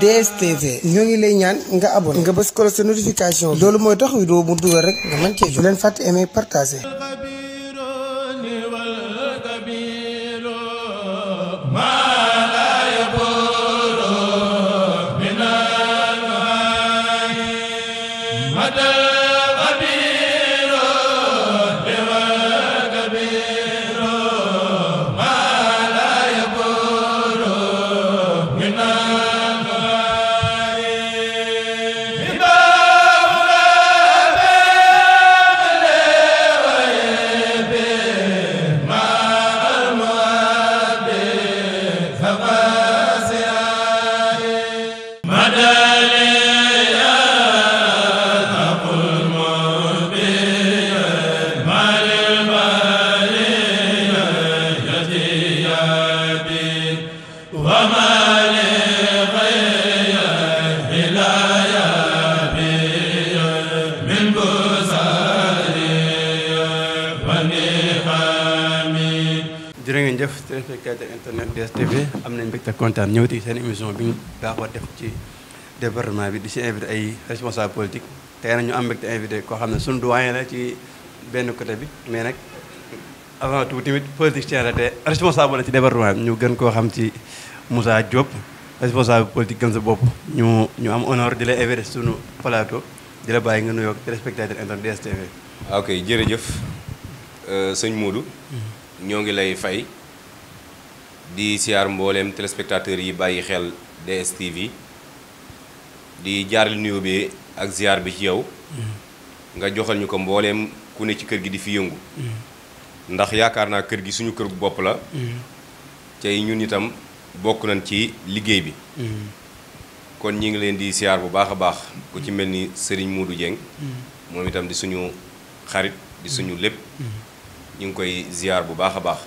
DSTV ñoo ngi lay ñaan nga aboon nga bës ko la sa notification loolu mooy tax doo mu dugal rek nga mën cee jot leen fàtte aimer partager téléspectateur internet DSTV am nañ mbégte kontaan ñëwati seen émission bi ñu baaxoo def ci département bi di si invité ay responsable politique tey nag ñu am mbégte invité koo xam ne sunu doyen la ci benn côté bi mais nag avant timit tamit politicien la te responsable la ci département bi ñu gën koo xam ci Moussa Diop responsable politique gëm sa bopp ñu ñu am honneur di la invité suñu plateau di la bàyyi nga nuyoog téléspectateur internet DSTV ah, ok jërëjëf euh, sëñ Modou mm-hmm. ñoo ngi lay fay di siyaar mbooleem téléspectateur yi bàyyi xel DSTV di jaarlu nuyoo bi ak ziar bi ci yow mm-hmm. nga joxal ñu ko mbooleem ku ne ci kër gi di fi yëngu mm-hmm. ndax yaakaar naa kër gi suñu kër gu bopp la mm-hmm. tey ñun itam bokk nañ ci liggéey bi kon ñi ngi leen di siyaar bu baax a baax ku ci mel ni sëriñ Moodu Dieng moom itam di suñu xarit di suñu lépp ñu ngi koy ziar bu baax a baax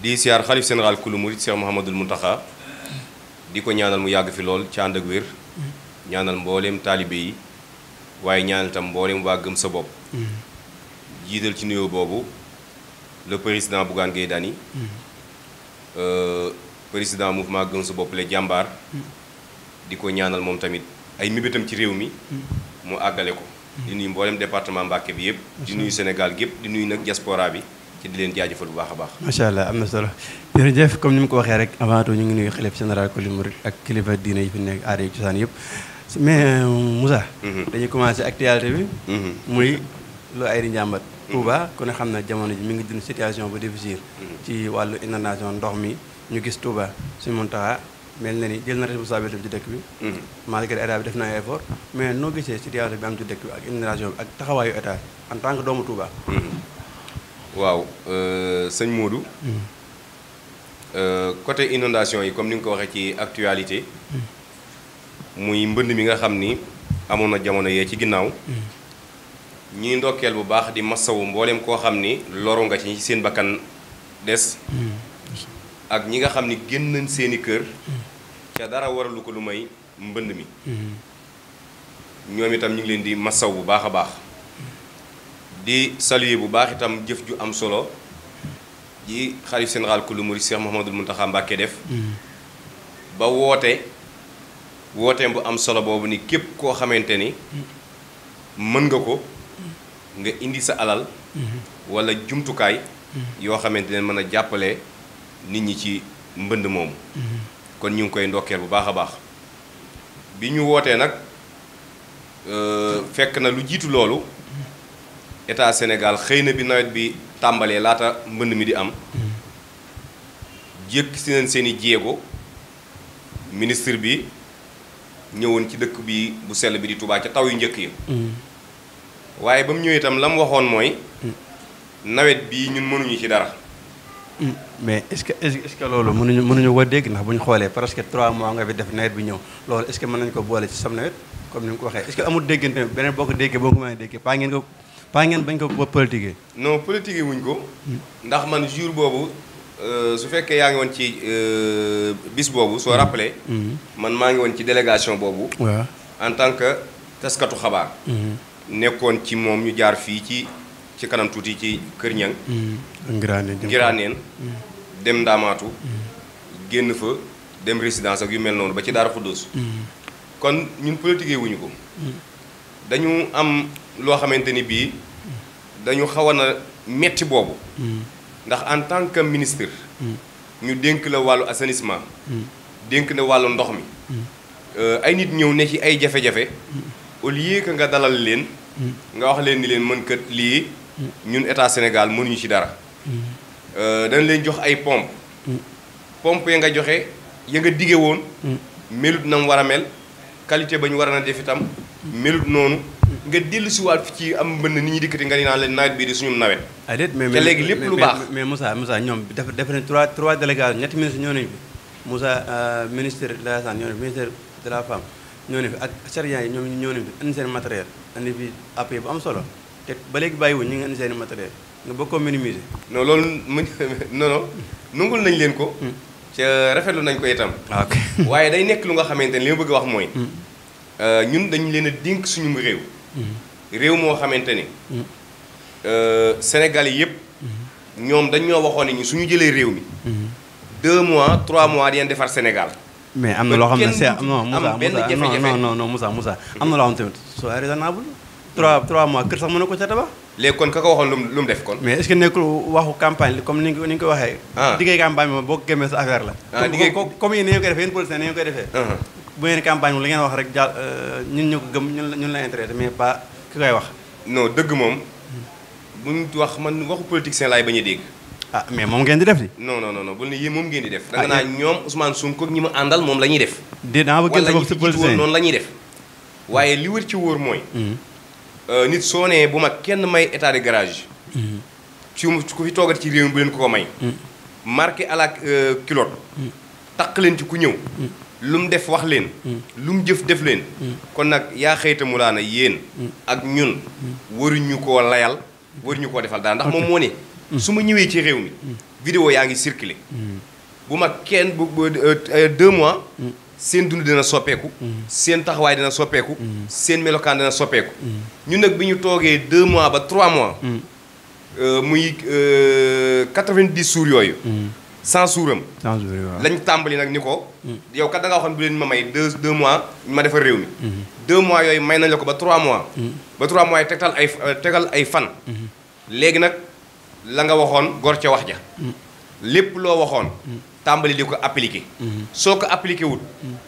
di siyaar xalif général kulu murit Cheikh Mouhamadul Mountakha di ko ñaanal mu yàgg fi lool ci ànd ñaanal mbooleem taalibe yi waaye ñaanal tam mbooleem waa gëm sa bopp jiital ci nuyoo boobu le président Bougane Gueye Dany euh, président mouvement gëm sa bopp le jàmbaar di ko ñaanal moom tamit ay mébétam ci réew mi mu àggale ko di nuy mbooleem département Mbàkke bi yëpp di nuyu Sénégal gépp di nuyu nag diaspora bi ci di leen jaajëfal bu baax a baax. macha allah am na solo jërëjëf comme ni mu ko waxee rek avant ñu ngi nuyu xalif général ko murid ak kilifa diine yi fi nekk aada yi cosaan yëpp mais Moussa. Mhm. dañuy commencé actualité bi. Mhm. muy lu ay di njàmbat. Touba ne xam na jamono ji mi ngi dund situation bu difficile. Mhm. ci wàllu inondation ndox mi ñu gis Touba suñu Mountakha mel na ni jël na responsabilité bi ci dëkk bi. malgré état bi def na ay effort mais noo gisee situation bi am ci dëkk bi ak inondation bi ak taxawaayu état en tant que doomu Touba. waaw euh, sëñ Modou. Mm. Euh, côté inondation yi comme ni nga ko waxee ci actualité. Mm. muy mbënn mi nga xam ni amoon na jamono yee ci ginnaaw. Mm. ñuy ndokkeel bu baax di massaw mbooleem koo xam ni loru nga ci seen bakkan des. ak ñi nga xam ni génn nañ seeni kër. te dara waralu ko lu may mbënn mi. ñoom itam ñu ngi leen di masaw bu baax a baax. di saluer bu baax itam jëf ju am solo ji xalif général ku lu murid Cheikh Mouhamadul Mountakha Mbacké def mm-hmm. ba woote wooteem bu am solo boobu ni képp koo xamante ni mm-hmm. mën nga ko mm-hmm. nga indi sa alal walla jumtukaay yoo xamante ne mën a jàppale nit ñi ci mbënn moomu kon ñu ngi koy ndokkeel bu baax a baax bi ñu wootee nag euh, fekk na lu jiitu loolu état senegal xëy na bi nawet bi tàmbalee laata mbënn mi di am yëkk si nañ seen i jéego ministre bi ñëwoon ci dëkk bi bu sell bi di Touba ca taw yu njëkk yi mm. waaye ba mu ñëwee itam la mu waxoon mooy mm. nawet bii ñun mënuñu ci dara mm. mais est-ce que est-ce que loolu mënuñu mënuñu wa dégg ndax bu ñu xoolee presque 3 mois nga def nawet bi ñëw loolu est mën nañu ko boole ci sam nawet comme ni mu ko waxee est-ce déggante beneen boo ko déggee boo ko mënee déggee paa paa ngeen bañ ko ba politique non politique wuñ ko. ndax man jour boobu euh, su fekkee yaa ngi woon ci euh, bis boobu soo rappelé. Mm-hmm. man maa ngi woon ci délégation boobu. en tant que taskatu xabaar. Mm-hmm. nekkoon ci moom ñu jaar fii ci ci kanam tuuti ci Kër Ñang. Mm-hmm. Ngiraaneen dem Ndaamaatu. génn fa dem résidence ak yu mel noonu ba ci Daara Xuddoos. kon ñun politique wuñu ko. dañu am loo xamante ni bii dañu xaw a na metti boobu ndax en tant que ministre ñu dénk la wàllu assainissement dénk na wàllu ndox mi euh, ay nit ñëw ne ci ay jafe-jafe au lieu que nga dalal leen nga wax leen ni leen mën kat lii ñun état Sénégal mënuñu ci dara euh, dañ leen jox ay pompe pompe ya nga joxe ya nga dige woon melut na mu war a mel qualité ba war a na def itam melut noonu nga dellu si waat fi ci am mbënn nit ñi dikkati nga ni naan leen nawet bii di suñu nawet. Ah, déet mais mais léegi lépp lu baax mais Moussa Moussa ñoom dafa dafa ne trois trois délégations ñetti ministres ñoo nañu fi musa euh, ministre de la santé ñoo nañu fi ministre de la femme ñoo nañu fi ak chariens yi ñoom ñoo nañu fi indi seen matériel indi fi appui bu am solo te ba léegi bàyyiwuñ ñu ngi indi seen matériel nga bëgg ko minimiser. non loolu mu non non nungul nañ leen ko. Hmm. ca rafetlu nañ ko itam. Ah, waaye day nekk lu nga xamante ne li bëgg a wax mooy. Hmm. Euh, ñun dañu leen a dénk suñu réew. réew moo xamante ni euh, Sénégal yi yëpp ñoom dañ ñoo waxoon ni suñu jëlee réew mi deux mois trois mois di defar Sénégal mais am na loo xam ne c'est non Moussa am na loo xam tamit soo trois mois kër sax mën na ko ca tabax léegi kon ka ko waxoon lu mu def kon mais est-ce que nekkul waxu campagne comme ni ni nga ko waxee diggéey ah. campagne bi moom boo ko gémmee sa affaire la ah, comme yéen ni ngeen koy koy defee bu ngeen campagne moom li ngeen wax rek jàll euh, ñun ñu ko gëm ñun la ñun la intéressé mais pas ki koy wax. non dëgg moom. mu buñ wax man waxu politicien laay ba ñu dégg. ah mais moom ngeen di def di. non non non bul ne yéen moom ngeen di def. Ah, da nga naa ñoom Ousmane Sonko ñi ma àndal moom la ñuy def. déedéet ah ba gën sa bopp noonu la ñuy def. waaye li wër ci wóor mooy. Hmm. Euh, nit soo nee bu ma kenn may état de garage. Hmm. ci ku fi toogat ci réew mi bu leen ko ko may. Hmm. marqué à la euh, culotte. taq leen ci ku ñëw. lu mu def wax leen mm. lu mu jëf def leen mm. kon nag yaa xëyta mu laana yéen mm. ak ñun waruñu koo layal waruñu koo defal daal ndax moom moo ne su ma ñëwee ci réew mi vidéo yaa ngi circulé bu ma kenn bu euh, deux mois seen dund dina soppeeku seen taxawaay dina soppeeku seen melokaan dana soppeeku ñun nag bi ñu toogee deux mois ba trois mois euh, muy euh, quatre-vingt-dix jours yooyu censure am lañ tàmbali nag ni ko mm. yow kat da nga waxoon bu leen ma may deux deux mois ma defar réew mi mm-hmm. deux mois yooyu may nañ la ko ba trois mois mm-hmm. ba trois mois yi tegtal ay euh, tegal ay fan mm-hmm. léegi nag la nga waxoon gor ca wax ja lépp loo waxoon tàmbali di ko appliquer. soo ko appliquer wut.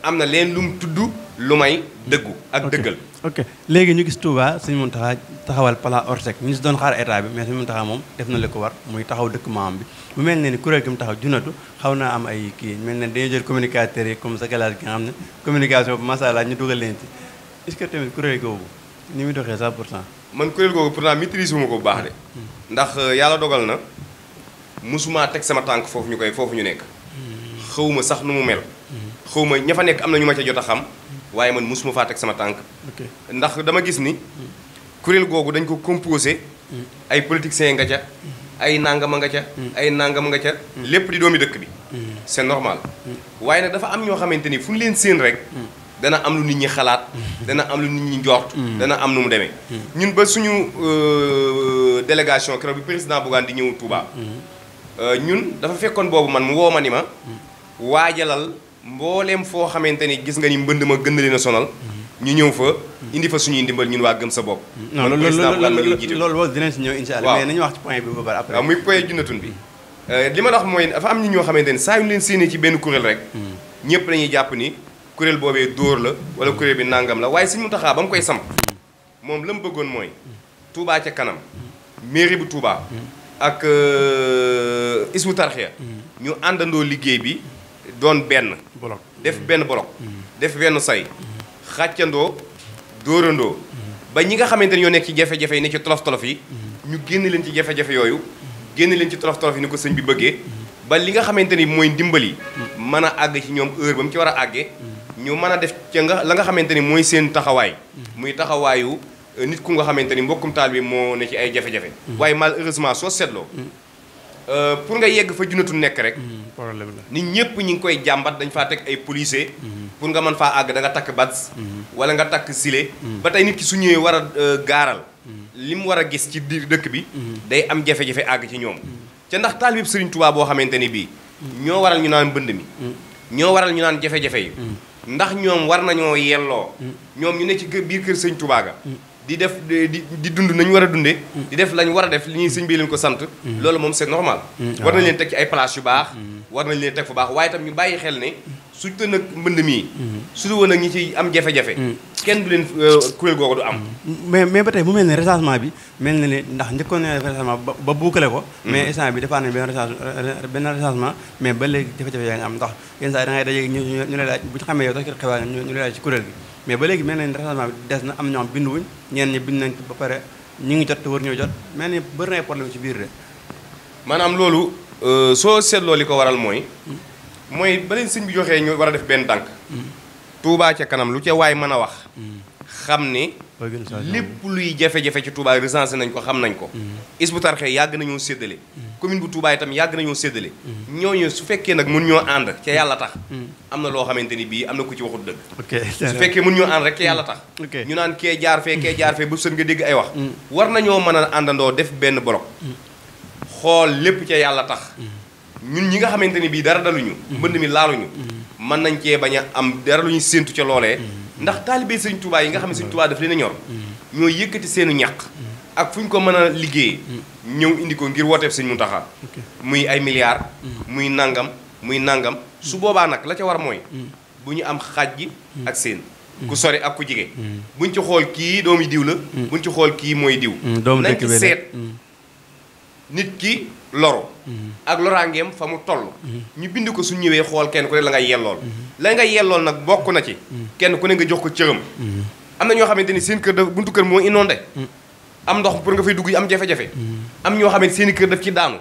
am na leen lu mu tudd lu may dëggu ak dëggal. ok léegi ñu gis suñu Sëñ Mountakha taxawal plan ORSEC ñu si doon xaar état bi mais Sëñ Mountakha moom def na li ko war muy taxaw dëkk maam bi bu mel ne ni kuréel gi mu taxaw junatu xaw naa am ay kii mel ne dañuy jël communicateurs yi comme sa galaas gi nga xam ne communication bi macha ñu dugal leen ci est tamit kuréel googu ni muy doxee 100 pour cent. man kuréel googu pourtant maîtrise wu ma baax de. Hmm. ndax euh, yàlla dogal na musuma teg sama tànk foofu ñu koy foofu ñu nekk. xawma sax nu mu mel xawma ña fa nekk am na ñu ma ca jot a xam waaye man mosuma faa teg sama tànk ndax dama gis ni kuréel googu dañ ko composé ay politiciens nga ca ay nangam nga ca ay nangam nga ca lépp di doomi dëkk bi c'est normal waaye nag dafa am ñoo xamante ni fu ñu leen séen rek dana am lu nit ñi xalaat dana am lu nit ñi njort dana am nu mu demee ñun ba suñu euh, délégation keroog bi président Bougane di ñëw Touba euh, ñun dafa fekkoon boobu man mu woo ma ni ma waajalal mbooleem foo xamante ni gis nga ni mbënd ma gën leen a sonal ñu ñëw fa indi fa suñuy ndimbal ñun waa gëm sa bopp loolu loolu dinañ si ñëw insha allah mais nañu wax ci point bi ba pare après waaw muy point junnatun bi euh, li ma la wax mooy dafa am ñi ñoo xamante ni saa yu leen séenee ci benn kuréel rek hmm. ñëpp dañuy jàpp ni kuréel boobee dóor la wala hmm. kuréel bi nàngam la waaye suñu taxaa ba mu koy samp hmm. moom la mu bëggoon mooy Touba ca kanam mairie bu Touba ak euh, Hizbut ñu àndandoo liggéey bi doon benn. def benn bolok. def benn say. xàccandoo dóorandoo. ba ñi nga xamante ni ñoo nekk ci jafe-jafe yi ne ci tolof-tolof yi. ñu génn leen ci jafe yooyu. génn leen ci tolof yi ni ko sëñ bi bëggee. ba li nga xamante ni mooy ndimbali. mën a àgg ci ñoom heure ba mu ci war a àggee. ñu mën a def ca nga la nga xamante ni mooy seen taxawaay. muy taxawaayu nit ku nga xamante ni mbokkum taal bi moo ne ci ay jafe-jafe. Mm-hmm. waaye malheureusement soo seetloo. Euh, pour nga yegg fa junnatul nekk rek. Hmm, problème la nit ñëpp ñi ngi koy jàmbat dañ faa teg ay policier hmm. pour nga mën faa àgg da takk bats. Hmm. wala nga takk sile. ba tey nit ki su ñëwee war a euh, gaaral. li mu war a gis ci biir dëkk bi. day am jafe-jafe àgg ci ñoom. ca ndax taalib Serigne Touba boo xamante ni bii. ñoo waral ñu naan mbënd mi. ñoo waral ñu naan jafe-jafe yi. ndax ñoom war nañoo yelloo. ñoom ñu ne ci biir kër Serigne Touba ga. di def di di dund nañu war a dundee. Mm. di def lañ war a def li ñuy sëñ bi leen ko sant. Mm. loolu moom c'est normal. Mm. Ah. war nañ leen teg ci ay place yu baax. war nañ leen teg fu baax waaye tam ñu bàyyi xel ne su ko nag mbënd mii. su dul woon nag ñi ciy am jafe-jafe. kenn du leen euh, kuréel googu du am. mais ba tey mu mel ne recensement bi mel na ni ndax njëkkoon na recensement ba ba boucler ko. mais instant ba léegi jafe-jafe yaa ngi am ndax yenn saa yi da ngay ñu ñu ñu xamee laaj mais ba léegi mel na ni recensement bi des na am ñoom bindu wuñ ñeen ñi bind nañ ba pare ñu ngi jot te war ñoo jot mel ni bëri na ay problème ci biir de. maanaam loolu euh, soo seetloo li ko waral mooy. Hmm. mooy ba leen bi joxee ñu war a def benn tànk. Hmm. tuubaa ca kanam lu ca waay mën a wax. Hmm. xam ni lépp luy jafe-jafe ci Touba recensé nañ ko xam nañ ko mm-hmm. Hizbut Tarqiyyah yàgg nañoo séddale mm-hmm. commune bu Touba itam yàgg nañoo séddale ñoo mm-hmm. ñooñu su fekkee nag mun ñoo ànd ca yàlla tax am na loo xamante ni bii am na ko ci waxut dëgg su fekkee mun ñoo ànd rek ca yàlla tax ñu naan kee jaar fee kee jaar fee ba sën nga dégg ay wax war nañoo mën a àndandoo def benn bloc xool lépp ca yàlla tax ñun ñi nga xamante ni bii dara daluñu mbënd mi laaluñu mën nañ cee bañ a am dara lu ñu séentu ca loolee ndax taalibe sëñ Touba yi nga xam ne sëñ Touba daf leen a ñor ñoo yëkkati seenu ñàq ak fu ñu ko mën a liggéeyee ñëw indi ko ngir wooteeb sëñ taxa muy ay milliards mm. muy nangam muy nangam mm. su boobaa nag la ca war mooy mm. bu ñu am xaaj gi ak seen ku sori ak ku jige buñ ci xool kii doomi diw la buñ ci xool kii mooy diw nañ ci seet nit ki loru mm-hmm. ak loraangeem fa mu toll mm-hmm. ñu bind ko su ñëwee xool kenn ku ne la nga yellool mm-hmm. la nga yellool nag bokk na ci kenn ku ne nga jox ko cëram am na ñoo xamante ni seen kër daf buntu kër moo inondé am ndox pour nga fay dugg yi am jafe-jafe am ñoo xamante seen i kër daf ci daanu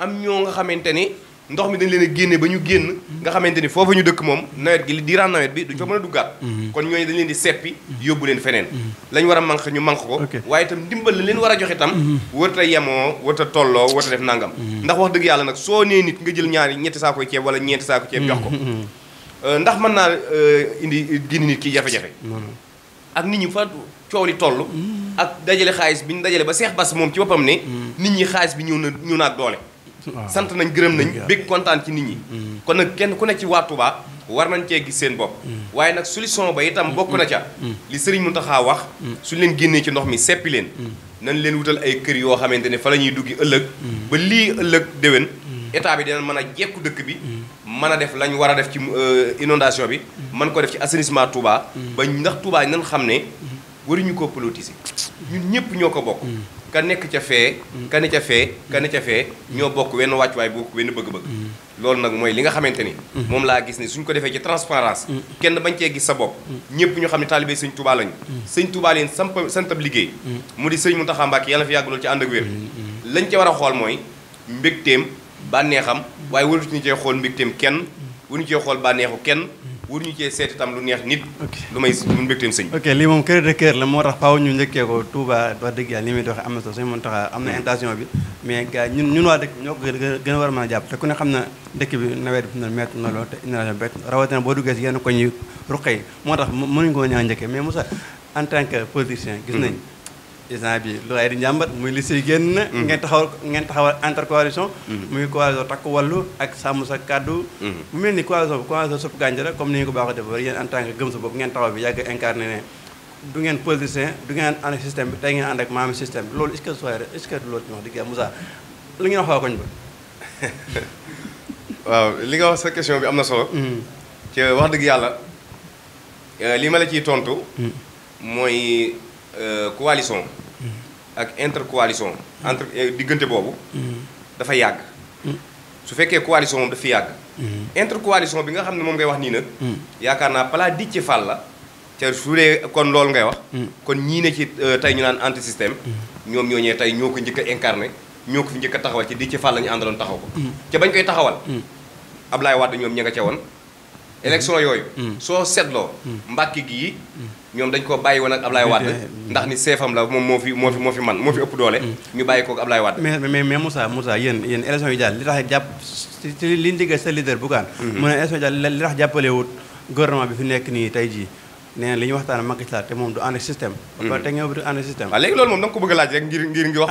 am ñoo nga xamante ni ndox mi dañ leen a génne ba ñu génn nga xamante ni foofu ñu dëkk moom nawet gi di diiraan nawet bi duñ fa mën a duggaat mhm. kon ñooñu dañ leen di seppi mhm. yóbbu leen feneen mhm. lañ war a manq ñu manq ko waaye itam ndimbal la leen war a jox itam warut a yemoo warut tolloo warut a def nangam ndax wax dëgg yàlla nag soo nee nit nga jël ñaari ñetti saakoy ceeb wala ñeenti saako ceeb jox ko euh, ndax mën naa euh, indi génn nit ki jafe-jafe ak nit ñi fa coow li toll ak dajale xaalis bi ñu dajale ba seex bas moom ci boppam ne nit ñi xaalis bi ñëw na ñëw naag doole Ah. sant nañ gërëm nañ bég kontaan ci nit ñi mm-hmm. kon nag kenn ku ne ci waa Touba war nañ cee gis seen bopp mm-hmm. waaye nag solution ba itam bokk na ca mm-hmm. li Sëriñ Mountakha wax suñ leen génnee ci ndox mi seppi leen nañ leen wutal ay kër yoo xamante ne fa la ñuy duggi ëllëg ba lii ëllëg déwén état bi dina mën a jekku dëkk bi mën a def lañ war a def ci euh, inondation bi mën ko def ci assainissement Touba ba ndax Touba nañ xam ne waruñu ko politiser ñun ñëpp ñoo ko bokk ka nekk mm. ca fee ka ne ca fee ka ñoo bokk wenn wàccuwaay bokk wenn bëgg-bëgg mm. loolu nag mooy li nga xamante ni mm. moom laa gis ni suñ ko defee ci transparence kenn bañ cee gis sa bopp ñëpp ñu xam ne taalibé sëñ Touba lañu sëñ Touba leen samp santab liggéey mu di sëñ Mountakha Mbacké yàlla fi yàgg loolu ci ànd ak wér lañ ca war a xool mooy mbégteem bànneexam waaye waruñu cee xool mbégteem kenn waruñu cee xool bànneexu kenn wur ñu cee seet itam lu neex nit. lu may mun mbégteem sëñ. ok lii moom cri a cœur la moo tax faaw ñu njëkkee ko Touba wax dëgg yàlla li muy doxee am na solo suñu mën taxaa am na mm-hmm. intention bi mais gars ñun ñun waa dëkk ñoo ko gën a war a mën a jàpp te ku ne xam na dëkk bi nawet bi na metti na lool te inondation bett rawatina boo duggee si yenn koñ yu ruqe yi moo tax mënuñu ko ñaan njëkkee mais Moussa en tant que politicien gis mm-hmm. nañ ISRA bi lu ay di njàmbat muy li siy génn. Mm. ngeen taxawal ngeen taxawal intercoalition. Mm. muy coalition takku wallu ak sàmm sa kàddu. Mm. mu ni coalition coalition supp gàncax la comme ni ñu ko baaxoo defee yéen en tant que gëm bi ngeen politicien du tey ngeen ànd ak maam système bi loolu est-ce que sooy loolu ci wax dëgg yàlla Moussa li nga wax sa question bi am na solo. wax dëgg yàlla euh, li ma la ci tontu. mooy. Euh, coalition ak euh, coalition entre digënté bobu dafa yag su fekké coalition mom dafa inter coalition bi nga xamné mom ngay wax ni nak yakarna naa di ci la te su kon lool ngay wax kon ñi ne ci euh, tay ñu naan anti système ñom ñoy ñee tay ñoko ñëk njëkk a incarné ñoo fi njëkk taxawal ci di ci fàll la ñu andalon taxaw ko ci bañ koy taxawal ablay wad ñom ñinga ci won élection mm. yooyu. Mm. soo seetloo. Mm. mbàkk gii ñoom dañ koo bàyyi woon ak Ablaye Wade. ndax ni seefam la moom moo fi moo fi moo fi man moo fi ëpp doole. ñu bàyyi ko ak Ablaye Wade. mais mais mais Moussa Moussa yéen yéen élection yi daal li tax jàpp li liñ diggal sa leader Bougane. Mm-hmm. mu ne élection yi daal li tax jàppale wut gouvernement bi fi nekk nii tey jii. nee li ñu waxtaan Macky Sall te moom du ànd système. Mm-hmm. ba te ngeen du ànd système. waaw léegi loolu moom da nga ko bëgg a laaj rek ngir ngir ngir wax.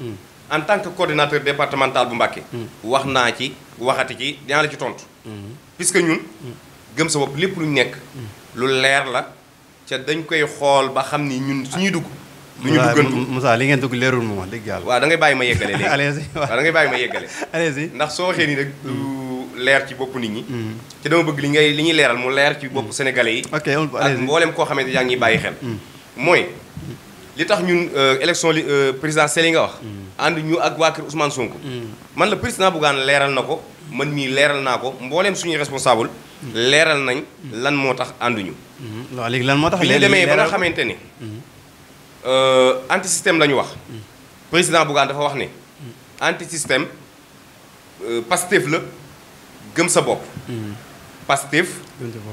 Ah, en tant que coordinateur départemental bu Mbacké wax naa ci waxati ci dinaa la ci tontu. puisque ñun gëm sa bopp lépp lu ñu nekk lu leer la ca dañ koy xool ba xam ni ñun suñuy dugg lu ñu duggantu Moussa li ngeen dugg leerul moom wax dëgg yàlla waaw da ngay bàyyi ma yeggale léegi allez-y waaw da bàyyi ma yeggale allez-y ndax soo waxee nii rek mm. leer ci bopp nit ñi mm. te dama bëgg li ngay li ñuy leeral mu leer ci bopp mm. sénégalais yi ak mboolem koo xamante yaa ngi bàyyi xel mooy li tax ñun euh, élection li euh, président Sely nga wax. Mm. ànduñu ak waa kër Ousmane Sonko. Mm. man la président Bougane leeral na ko man mii leeral naa ko mbooleem suñu responsable. Mm. leeral nañ lan moo tax ànduñu. Mm-hmm. waaw léegi lan moo tax léegi demee ba nga xamante ne. Mm-hmm. Euh, anti système la ñu wax. président Bougane dafa wax ne. anti système Pastef la gëm sa bopp. Pastef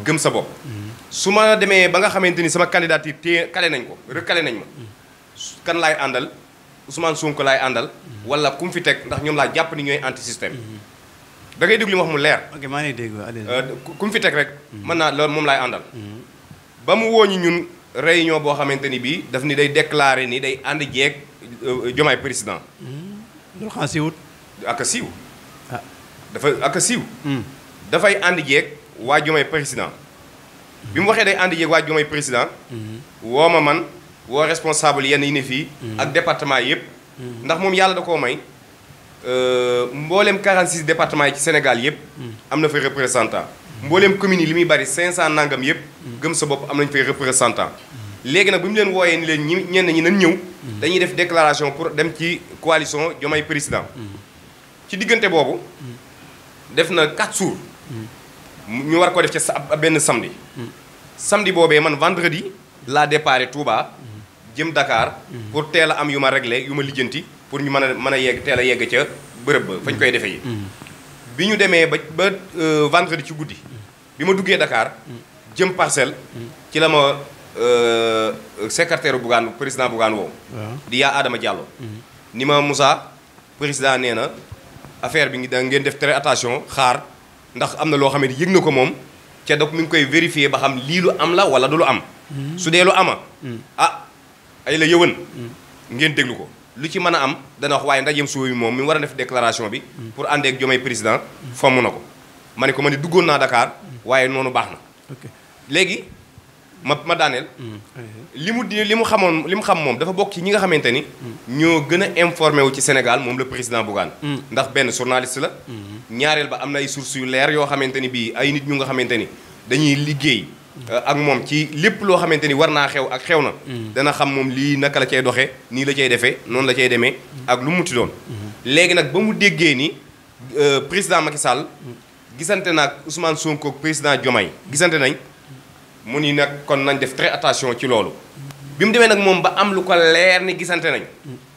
gëm sa bopp. Mm-hmm. su ma demee ba nga xamante ni sama candidature téye kale nañ ko recalé nañ ma. kan laay àndal Ousmane Sonko laay àndal. Mhm. wala ku fi teg ndax ñoom laa jàpp ni ñooy anti système. Mhm. da ngay déglu li wax mu leer. ok maa ngi dégg euh, ku mu fi teg rek. Mhm. mën naa loolu moom laay àndal. ba mu woo ñu ñun réunion boo xamante ni bii daf ni day déclarer ni day ànd jeeg euh, euh, Diomaye président. loolu xanaa siiwut. Ah. dafa ak hmm. dafay ànd jeeg waa Diomaye président. bi mu waxee day ànd jeeg waa Diomaye président. Hmm. woo ma man. wo responsable yenn yi ne mm-hmm. ak département yëpp. Mm-hmm. ndax moom yàlla da koo may euh, mboolem 46 département yi ci Sénégal yëpp. Mm-hmm. am na fay représentant. mboolem communes yi li muy bari 500 nangam yëpp. gëm sa bopp am nañ fay représentant. léegi nag bu ñu leen wooyee ni leen ñi ñenn ñi nañ ñëw. dañuy def déclaration pour dem ci coalition jomay président. ci diggante boobu. def na 4 jours. ñu war ko def ci sa benn samedi. samedi boobee man vendredi. laa déparé Touba. jëm dakaar mhm. pour teel am yu ma réglé yu ma lijjanti pour ñu mën a mën a yegg teel a yegg ca bërëb ba fañ koy defee. Mhm. bi ñu demee ba ba euh, vendredi ci guddi. Mhm. bi ma duggee dakaar jëm parcelle. ci la ma euh, secrétaire Bougane président Bougane woowu. di yaa Adama Diallo. ni ma Moussa président nee na affaire bi da ngeen def tere attention xaar ndax am na loo xam ne yëg na ko moom ca donc mu ngi koy vérifier ba xam lii lu am la wala du am. su dee lu ama ah, ay la yëwan mm. ngeen déglu ko lu ci mën a am dana wax waaye ndajeem suuf bi moom mi war a def déclaration bi mm. pour ànd ak Diomaye président mm. fomm na ko ma ne ko ma ne duggoon naa Dakar waaye noonu baax na léegi ma ma daaneel li mu di li mu xamoon li mu xam moom dafa bokk ci ñi nga xamante ni ñoo gën a informé wu ci Sénégal moom la président Bougane ndax benn journaliste la ñaareel ba am na ay sources yu leer yoo xamante ni bii ay nit ñu nga xamante ni dañuy liggéey Euh, ak mom ci lepp lo xamanteni warna xew ak mm-hmm. dana xam mom li naka la cey ni la la mm-hmm. ak lu mu don mm-hmm. nak ba ni euh, président Macky Sall na Ousmane Sonko président Diomaye gisanté nañ mu ni très attention ci lolu bimu nak mom ba am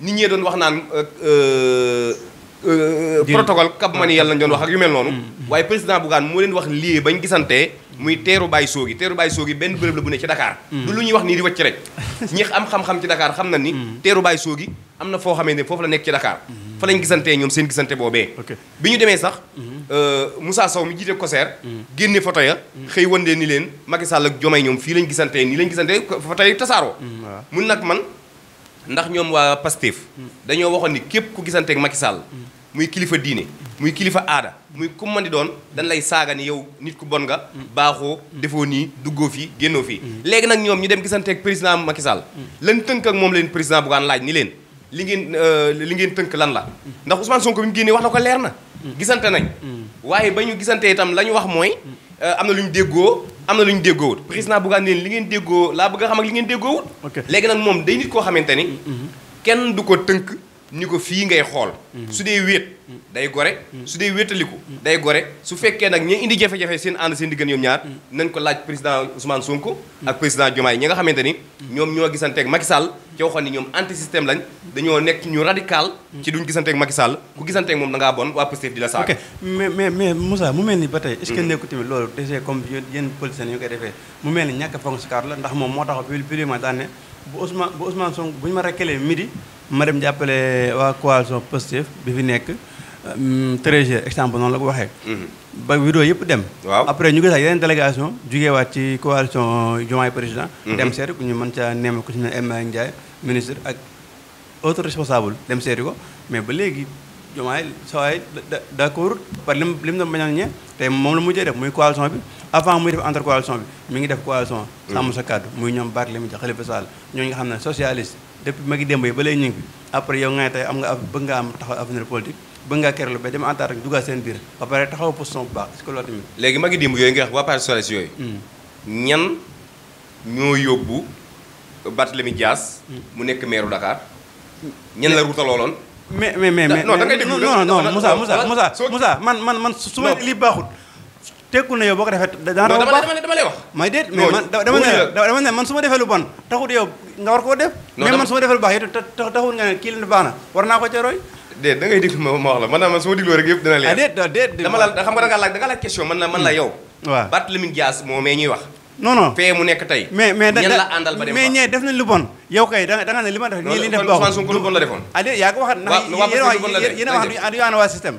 ni nañ. Euh, Euh, protocole kab man yàlla lañ doon wax ak yu mel noonu mm, mm. waaye président Bougane moo leen wax lii bañ gisantee muy teeru Baye Sogui teeru Baye Sogui benn bërëb la bu ne ci Dakar mm. du lu ñuy wax nii di wacc rek ñi am xam-xam ci Dakar xam na ni teeru Baye gi am na foo xamee ne foofu la nekk ci Dakar fa lañ gisantee ñoom seen gisante boobee bi ñu demee sax euh, Moussa Sow mi jiite COSER génne foto ya xëy wandee ni leen Macky Sall ak Diomaye ñoom fii lañ gisantee nii lañ gisantee photo yi tasaaroo mun man ndax ñoom waa Pastef dañoo waxoon ni képp ku gisanteeg Macky Sall muy kilifa diine muy kilifa aada muy ku mën di doon dañ lay saaga ni yow nit ku bon nga baaxoo defoo nii duggoo fii génnoo fii léegi nag ñoom ñu dem gisanteeg président Macky Sall lan tënk ak moom leen président Bougane laaj ni leen li ngeen euh, li ngeen tënk lan la ndax Ousmane Sonko bi mu génnee wax na ko leer na gisante nañ mm. waaye ba ñu gisantee itam la ñu wax mooy Euh, am na lu ñu déggoo am na lu ñu déggoowut président Bougane ne li ngeen déggoo laa bëgg a xam ak li ngeen déggoowut léegi nag moom day nit koo xamante ni mm-hmm. kenn du ko tënk ni ko fii ngay xool mhm. su dee wéet mhm. day gore mhm. su dee wéetaliku day gore su fekkee nag ñi indi jafe-jafe seen ànd seen diggan ñoom ñaar nañ ko laaj président Ousmane Sonko ak président Diomaye ñi nga xamante ni ñoom ñoo gisanteeg Macky Sall ci waxoon ni ñoom anti système lañ dañoo nekk ñu radical ci duñ gisanteeg Macky Sall ku gisanteeg moom da ngaa bon waa Pastef di la saaga mais mais mais mu mel ni ba tey est-ce que loolu déjà comme yéen politiciens yi ñu koy defee mu mel ni ñàkk fonk si la ndax moom moo tax publiquement daan ne bu Ousmane bu Ousmane Sonko bu ma rekkalee midi ma dem jappelé wa coalition positif bi fi nekk treize exemple non la ko waxé ba vidéo yépp dem. après ñu gis ak yeneen délégation jugé wat ci coalition Diomaye président. dem seeti ku ñu mën ca neem ku ci ne Emma Ndiaye ministre ak autre responsable dem seeti ko mais ba légui Diomaye soy d'accord par lim lim la mañal a té mom la mujjé def muy coalition bi. avant muy def entre coalition bi mi ngi def coalition sam sa kàddu muy ñoom Barthélémy Dias Khalifa Sall ñoo nga xamne socialiste depuis magi dembe ba lay ñing après yow nga tay am nga bëgg nga am taxaw avenir politique bëgg ngaa kerlu ba dem àntaat rek dugal seen biir ba pare taxaw position bu baax est-ce que loolu tamit léegi ma nga wax wa parti socialiste yoy hmm. ñan ñoo yóbbu Barthélémy Dias hmm. mu nek maire Dakar ñan la lolon mais mais mais non da ngay non non Moussa Moussa Moussa Moussa man man man su ma li baaxut tekkul na yow boo ko defee dana raw baax dama lu bon taxut yow nga la man ma dégloo rek yëpp def lu bon yow kay da nga li ma def nii li def lu bon la defoon yaa ko waxat ndax yéen a du ñu waa système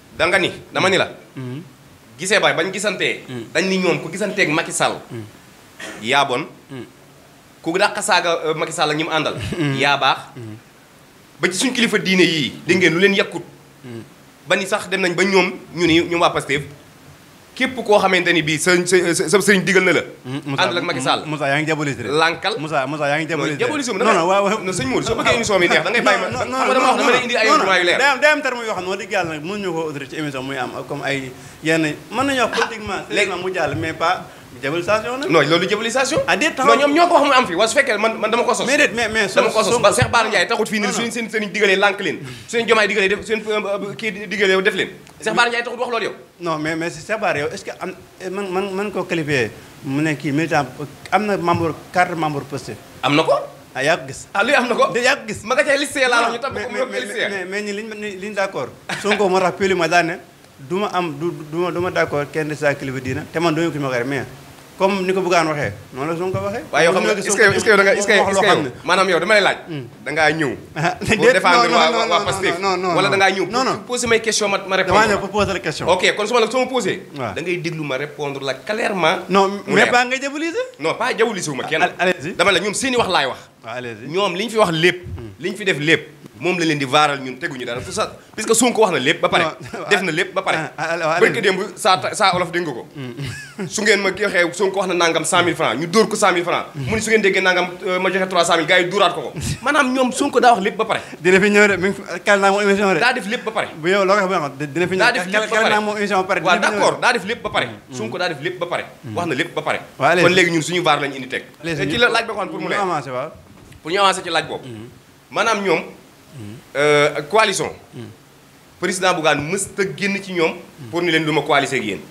da nga ni dama ni la. Mm-hmm. gisee baay bañ gisantee. Mm-hmm. dañ ni ñoom ku gisanteeg Macky Sall. Mm-hmm. yaa bon. ku dàq saaga euh, Macky Sall àndal. yaa baax. ba ci suñ kilifa diine yii dégg ngeen lu leen yàkkut. ba ni sax dem nañ ba ñoom ñu ni ñoom waa Pastef. képp koo xamante ni bii sa sa sëriñ digal na la. àndal ak Macky Sall. Moussa yaa ngi lankal Moussa Moussa yaa ngi diaboliser non non waaw non sëñ Mourou soo bëggee émission bi neex da ngay bàyyi ma xam nga dama wax dama lay nag mënuñu ko autorité ci émission muy am ay yenn mën nañu wax politiquement. léegi mu jàll mais pas. diabolisation nag non loolu diabolisation. à des temps ñoom ñoo ko wax mu am fii waaye su fekkee man dama ko sos. mais déet mais mais dama ko ko. Ah, ah, ma nga cay daane duma am du du ma d' accord kenn saa kilifa diina te man dooñu ko ma waxee mais comme ni ko bëggaan waxee noonu la Sonko waxee. waaye yow xam nga ma ma répondre. damaa ñëw pour poser la question. ok kon su ma la su ma posé. waaw da ngay déglu ma répondre la clairement. non mais pas kenn. dama la ñoom seeni wax laay wax. waaw allez-y ñoom li fi wax lépp. Hmm. li ñu fi def lépp moom la leen di vaaral ñun teguñu dara tout ça puisque Sonko wax na lépp ba pare def na lépp ba pare ah, ah, ah, barki ko mm. su ngeen ma ki waxee wax na nangam 100000 francs ñu dóor ko 100000 francs mm. mu ni su ngeen déggee nangam euh, ma lépp ba pare dina fi ñëw de def lépp ba pare bu def lépp ba pare mm. kal léegi ñun suñu vaar lañu indi teg ci laaj ba ko xam pour mu pour ñu avancer ci laaj boobu mm-hmm. maanaam ñoom Euh, coalition. président Bougane mësta génn ci ñoom. pour ni leen du ma coaliser ak yéen.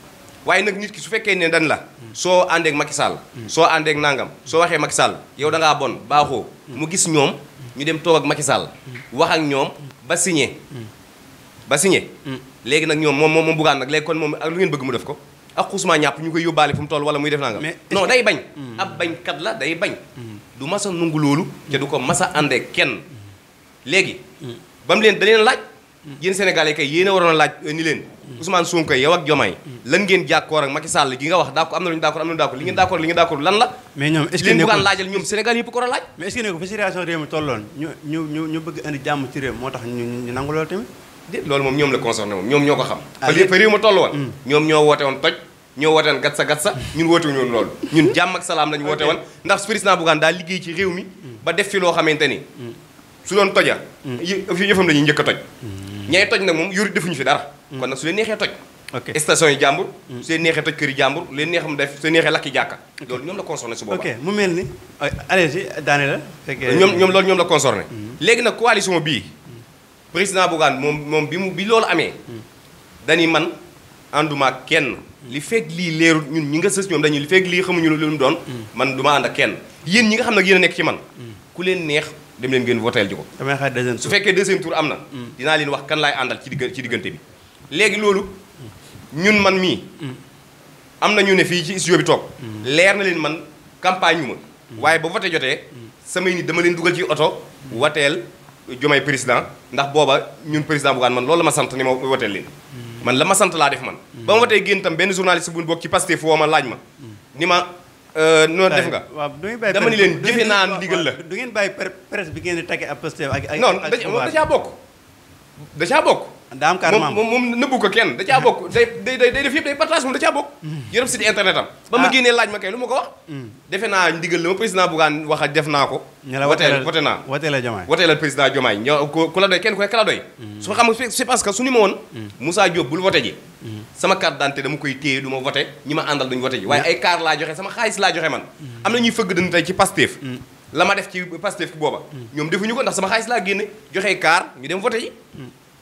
waaye nag nit ki su fekkee ne dan la. soo àndeek Macky Sall. soo àndeek nangam soo waxee Macky Sall yow da ngaa bon baaxoo. mu gis ñoom ñu dem toog ak Macky Sall. wax ak ñoom ba signé. ba signé. léegi nag ñoom moom moom Bougane nag léegi kon moom ak lu ngeen bëgg mu def ko. ak xusuma ñàpp ñu koy yóbbaale fu mu toll wala muy def nangam. mais non day bañ. Hmm. ab bañkat la day bañ. du masa nungu loolu. te du masa àndeek kenn. léegi. Hmm. ba mu leen da leen laaj. Hmm. yéen Sénégalais kay yéen waroon laaj eh, ni leen. Hmm. Ousmane Sonko yow ak Diomaye. lan ngeen jàkkoor ak Macky Sall gi nga wax d'accord am na lu ñu d'accord am na lu ñu d'accord ko war a laaj. mais est ce que ne ñu ñu ñu ñu bëgg moo tax ñu ñu nangu loolu ñoom la concerné moom ñoom ñoo ko xam. Ah, fa réew ma toll woon. ñoom ñoo woote woon toj. ñoo woote woon gatsa gatsa ñun ñun jàmm salaam lañu woote woon ndax président Bougane daa liggéey ci réew mi ba def fi loo xamante ni su doon toja mm. yëfam dañuy njëkk a toj mm. ñay toj nag moom yor defuñu fi dara mm. kon nag su leen neexee toj station yi jàmbur su leen neexee toj kër yi jàmbur lu leen neexam def su leen neexee lakki jàkka loolu ñoom la concerné su boobaa ok mu mel ni allez-y daane la fekkee ñoom ñoom loolu ñoom la concerné léegi nag coalition bii président Bougane moom moom bi mu bi loolu amee dañuy man ànduma kenn li fekk lii leerul ñun ñi nga sës ñoom dañuy li fekk lii xamuñu lu mu doon man du ma ànd kenn yéen ñi nga xam nag yéen nekk ci man ku leen neex dem leen ngeen voteel ji ko su fekkee deuxième tour am na hmm. dinaa leen wax kan laay àndal ci digg ci diggante bi léegi loolu ñun man mii hmm. am na ñu ne fii ci si bi toog hmm. leer na leen man campagne ñu ma waaye ba vote jotee samay nit dama leen dugal ci oto wateel jomay président ndax booba ñun président Bougane man loolu la ma sant ni ma wateel leen man la ma sant laa def man ba ma watee génn tam benn journaliste bu bokk ci Pastef woo ma laaj ma ni ma Euh, noonu def nga. waaw du ngeen dama ni leen jëfe naa ndigal la. du ngeen bàyyi presse bi ngeen di tagge ak Pastef ak. ak non da caa bokk da caa bokk. daa am carrément moom moom nëbbu ko kenn da caa bokk day day day def yëpp day partage moom da caa bokk mm. yërëm site internet am ba ma ah. génnee laaj ma kay lu ma ko wax mm. defe naa ndigal la ma président Bougane wax def naa ko wote wote naa wote la Diomaye wote la président Diomaye ñoo ku la doy kenn ku nekk la doy mm. su ma xam c'est parce que suñu ma woon Moussa Diop bul vote ji sama carte d'identité dama koy téye du ma vote ñi ma àndal duñu vote ji waaye ay kaar laa joxe sama xaalis laa joxe man am na ñuy fëgg dënn tey ci Pastef la ma def ci Pastef booba ñoom defuñu ko ndax sama xaalis laa génne joxe kaar ñu dem vote ji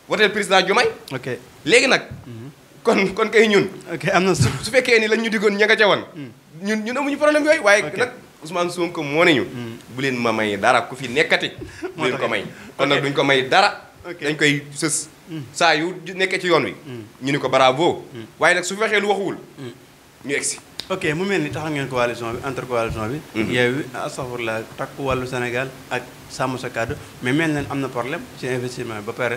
woteel président Diomaye. ok léegi nag. Mhm. kon kon kay ñun. ok am na su su fekkee ni lañ ñu diggoon ña nga woon. Mhm. ñun ñun amuñu problème yooyu waaye nag. Ousmane Sonko moo ne ñu. Mhm. bu leen ma may dara ko fi nekkati. bu leen ko may kon nag duñ ko may dara. dañ koy sës. saa yu nekkee ci yoon wi. ñu ni ko bravo. waaye nag su fexee lu waxuwul. ñu egsi. ok mu mel ni taxaw ngeen coalition bi entre coalition bi. Yewwi Astafurlah Takku Wallu Sénégal ak Sàmm Sa Kàddu mais mel na am na problème ci investissement ba pare.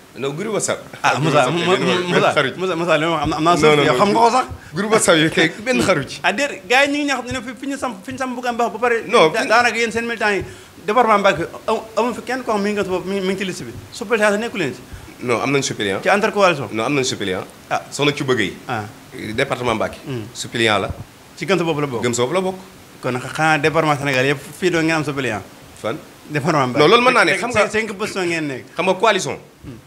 non groupe WhatsApp. ah Moussa Moussa Moussa li ma wax am naa suuf yow xam nga ko sax. groupe WhatsApp yi kay benn xaru ci. ah déedéet gars yi ñu ngi ñoo xam ne fi ñu samp fi ñu samp bu am ba pare. non daanaka yéen seen militant yi département Mbacké amu fi kenn koo xam mi ngi mi ngi ci liste bi suppléant nekku leen ci. non am nañ suppléant. ci entre coalition. non am nañ suppléant. ah soxna ci bëgg yi. département Mbacké. Hmm. suppléant la. ci gëm sa bopp la bokk gëm sa bopp la bokk. kon xanaa département Sénégal yëpp fii doo ngeen am suppléant. fan département Mbacké. non loolu mën naa ne xam nga cinq position ngeen nekk. xam nga coalition hmm.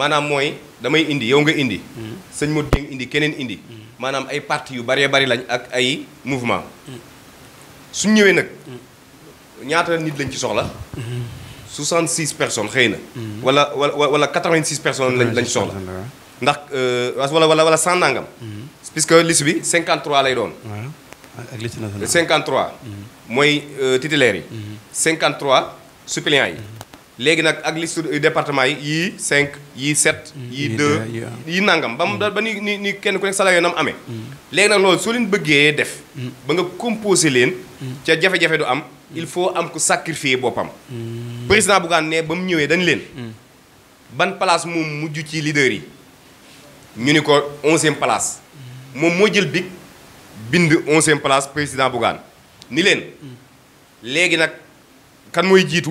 maanaam mooy damay indi yow nga indi. Hmm. sëñ Modou Dieng indi keneen indi. Hmm. maanaam ay partie yu baree bëri lañ ak ay mouvement hmm. suñ ñëwee nag ñaata nit lañ ci soxla. 66 personnes xëy na. wala wala wala 86 personnes lañ lañ soxla. ndax euh, wala wala wala 100 nangam. puisque liste bi 53 lay doon. Ah, ak liste mooy euh, titulaires yi. 53 suppléants yi. légui nak ak liste département yi yii 5 yii 7. yii 2 yi nangam bam mm. ba ni ni ni kenn ku nek salaire nam amé légui nak léegi so loolu soo leen bëggee def. Mm. ba nga composé leen. Mm. ca jafé jafé du am. il faut am ko sacrifier bopam président bougan né bam ñëwé dañ leen. ban place mom muju ci leader yi. ñu ni ko 11e place. mom mo jël big bind 11e place président bougan ni leen. légui nak kan moy jitu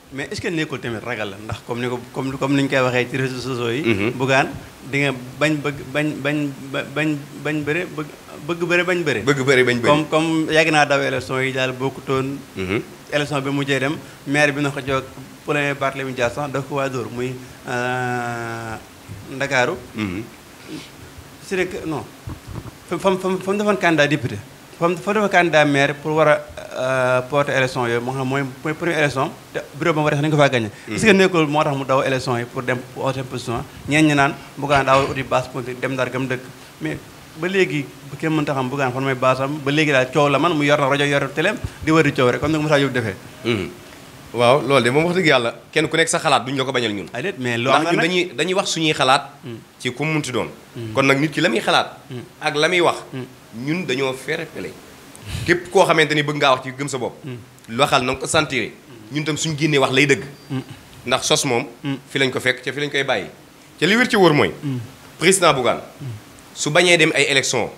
mais est-ce que nekkul tamit ragal la ndax comme ni ko comme comme ni ñu koy waxee ci réseaux sociaux yi. Mhm. bugaan di bañ bëgg bañ bañ bëre bëgg bëgg bëre bañ bëre. bëgg bëre bañ bëre comme comme yàgg naa daw élection yi daal bokkutoon. Mhm. élection bi mujjee dem maire bi na ko jox premier Barthélémy Dias sax daf ko waa dóor muy euh, Ndakaaru. Mhm. c'est que non fa fa fa mu defoon candidat député fa fa mu defoon candidat maire pour war Euh, porte élection yooyu moo xam mooy mooy première élection te bureau ba mu waxee nañu ko faa gagné. Mm. est-ce que nekkul moo tax mu xam Bougane fan mooy base am ba léegi la man mu yor na rajo yor télé di wër di coow rek mm. de moom wax dëgg yàlla kenn ku nekk sa xalaat duñu ko bañal ñun. ay mais loo xam ndax ñun dañuy dañuy wax suñuy xalaat. Mm. ci ku mu munti doon. kon nag nit ki la muy xalaat. ak la muy wax. ñun dañoo fair play képp koo xamante ni bëgg ngaa wax ci gëm sa bopp waxal mm. na nga ko sentir ñun tam suñ génnee wax lay dëgg mm. ndax sos moom mm. fi lañ ko fekk ca fi lañ koy bàyyi ca li wér ci wóor mooy président Bougane su bañee dem ay élection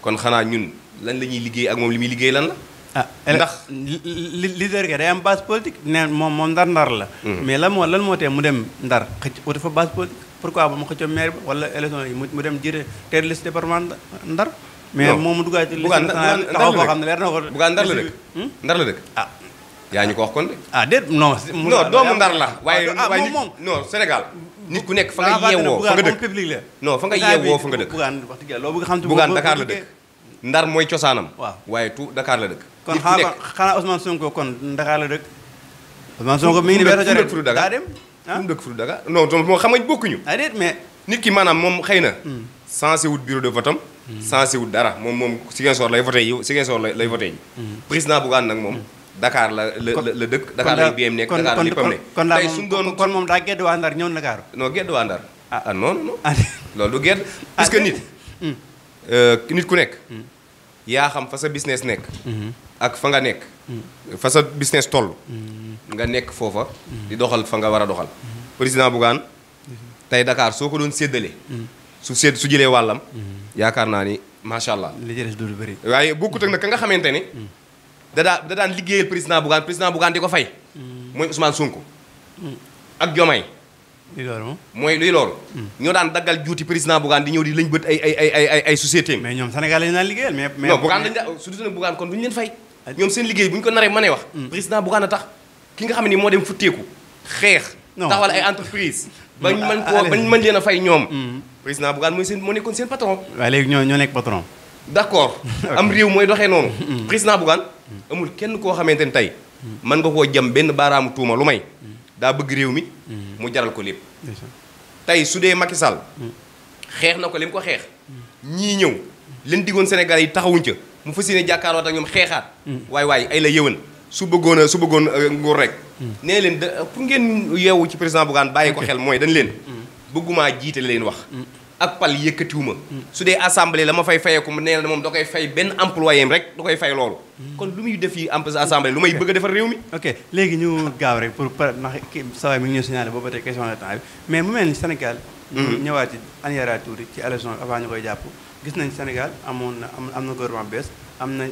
kon xanaa ñun lan la ñuy liggéey ak moom li muy liggéey lan la ah ndax leader ga day am base politique nee moom moom ndar ndar la mais lan moo lan moo te mu dem ndar xëcc wuti fa base politique pourquoi ba mu xëccoo maire ba wala élection yi mu dem jiite tête liste ndar mais moom duggaay ci liste nationale taxaw boo xam ne leer ko bugaan ndar la dëkk hmm? ndar la dëkk ah yaa ñu ko wax kon de ku nekk fa nga yeewoo fa nga dëkk non fa nga nga dëkk bugaan Dakar la dëkk ndar mooy cosaanam waaw waaye tout Dakar la dëkk kon xanaa xanaa Ousmane kon Dakar la dëkk mi daa dem ah dëkk fu xam nga bokkuñu ah déet mais nit ki maanaam moom xëy na sensé hmm. wut bureau de vote am sensé wul dara mom mom moom moom Ziguinchor lay voté yi Ziguinchor lay voter yi président bu gan nak mom Dakar la le deuk dëkk Dakar lay biyeem nek Dakar li pam nek tay suñ doon kon mom da gedd waa Ndar ñëw Dakar non gedd waa Ndar ah, ah non non ah. loolu du gedd ah. parce que nit hmm. euh, nit ku nek hmm. ya xam fa sa business nek hmm. ak fa nga nek fa sa business toll nga nek fofa di doxal fa nga wara doxal président bu gan tay Dakar soko doon séddale su sét su jilé walam mhm. yaakar na ni macha allah. li ci des du bëri. waaye bokkut ak nag nga xamante ni. Mhm. da da daan liggéeyal président Bougane président Bougane diko fay. moy mhm. Ousmane Sonko. ak jomay li lor moy li lor ñoo daan daggal juuti président Bougane di ñëw di lañ bët ay ay ay ay ay société mais ñom sénégalais dañ na liggéeyal mais. mais non Bougane lañu daan su dee Bougane kon duñu leen fay. Ah. ñom seen liggéey buñ ko naré mané wax. président Bougane tax ki nga xamni mo dem futéku xex taxawal ay entreprise bañ man ah, ko bañ man leena fay ñom président Bougane mooy seen moo nekkoon seen patron. waaye léegi ñoo ñoo nekk patron. d' accord am réew mooy doxee noonu. Mm, mm. président Bougane mm. amul kenn koo xamante ni tey mën nga koo jëm benn baaraamu tuuma lu may daa bëgg réew mi. mu jaral ko lépp. tey su dee Macky Sall xeex na ko li mu ko xeex ñii ñëw leen diggoon Sénégal yi taxawuñ ca mu fas yéene jàkkaarloo ak ñoom xeexaat. waaye waaye ay la yëwan su bëggoon su bëggoon euh, nguur rek. nee leen da pour ngeen yeewu ci président Bougane bàyyi ko xel mooy dañ leen. bëggumaa jiite leen wax ak pal yëkkatiwuma su dee assemblée la ma fay fayeeku mu nee na moom da koy fay benn employé rek da koy fay loolu kon lu muy def yi employé assemblée lu may bëgg defar réew mi ok pour par ndax saway mi ngi ñu signalé booba tey question de temps bi mais Sénégal mhm. ñëwaat ci aniara tuuti ci élection avant ñu koy jàpp gis nañ Sénégal amoon na am na gouvernement bees am na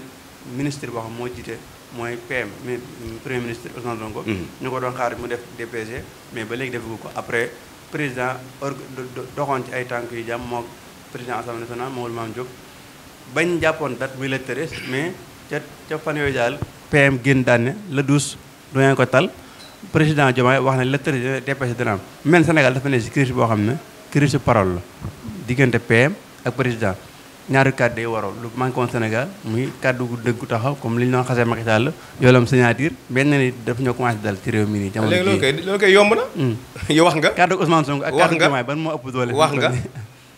ministre boo xam moo jiite mooy PM euh, premier ministre Ousmane mhm. ñu ko doon xaar mu def DPG mais ba léegi defu ko après président doxoon ci ay tànk yu jàmm moo président assemblée nationale Mamadou Mame Diop bañ jàppoon date muy le treize mais ca ca fan yooyu daal PM génn daan ne le douze du ngeen ko tal président Diomaye wax ne le treize dépassé dina am. même Sénégal dafa ne si crise boo xam ne crise parole la diggante PM ak président. ñaari kàddu yi waral lu manqué woon Sénégal muy kàddu gu dëggu taxaw comme li ñu doon xasee Macky Sall yoolam signature benn nit daf ñoo commencé dal ci réew loolu kay yomb na hmm. yow wax nga kàddu Ousmane Sonko ak kàddu ban moo ëpp wax nga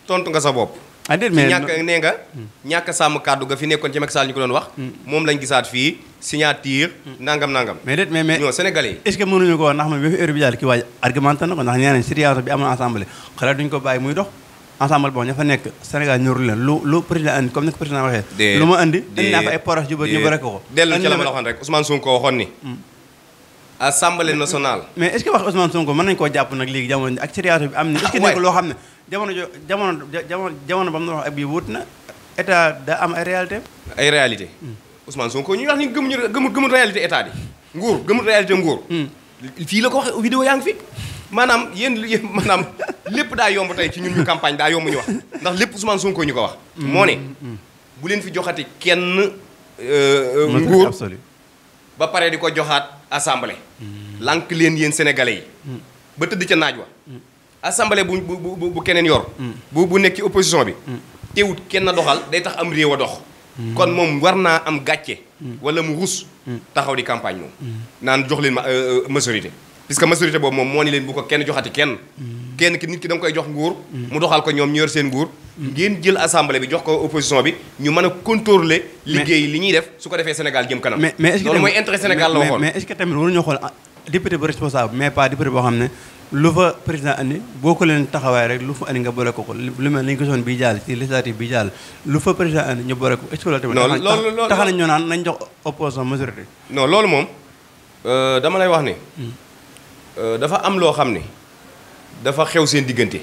tontu nga sa bopp ah hmm. ga fi nekkoon ci Macky Sall ñu ko doon wax hmm. moom lañ gisaat fii signature nangam nangam mais déet mais mais ñoo yi est mënuñu ko wax ndax ma bi fi heure ki waaj argumenté na ko ndax nee nañ situation bi amoon assemblée xalaat duñ ko bàyyi muy dox ensemble bon ñafa nek Sénégal ñorul leen lu lu président andi comme ni ko président waxee. déedéet lu ma andi dañ naa fa ay poros ju bëgg ñu bëri ko. delu ci la ma waxon rek Ousmane Sonko waxon ni. Hmm. assemblée nationale. mais est ce que wax Ousmane Sonko man nañ ko japp nak légui jamono ak ci situation bi amni est ce que nek lo xamné jamono jamono jamono jamono bam mu wax ak bi wut na état da am ay réalité. ay réalité hmm. Ousmane Sonko ñu wax ni gëm ñu gëm gëm réalité état di nguur gëm réalité nguur. Hmm. fi la ko waxee vidéo yaa fi manam yeen manam lepp da yomb tay ci ñun ñu campagne da yomb ñu wax ndax lepp Ousmane Sonko ñu ko wax. mo ne bu leen fi joxati kenn euh, euh, nguur ba paré di ko assemblée. lank leen yeen sénégalais yi. ba teud ci najwa assemblée bu bu bu kenen yor. bu bu nekk ci opposition bi. teewut kenn doxal day tax am réewa dox. kon mom warna am gatché wala mu rus. taxaw di campagne mom nan jox leen ma euh, majorité. puisque majorité boobu moom moo ni leen bu ko kenn joxati kenn mm. kenn ki nit ki da nga koy jox nguur mu doxal ko ñoom ñor seen nguur mm. ngeen jël assemblée bi jox ko opposition bi ñu mën a contrôler liggéey li ñuy def su ko defee Sénégal jëm kanam loolu mais est tamit waru xool député bu responsable mais pas député boo xam ne lu fa président andi boo ko leen taxawaay rek lu fa andi nga boole ko lu mel ni gisoon bi jàll ci législative bi jàll euh, lay Euh, dafa am loo xam ne dafa xew seen diggante.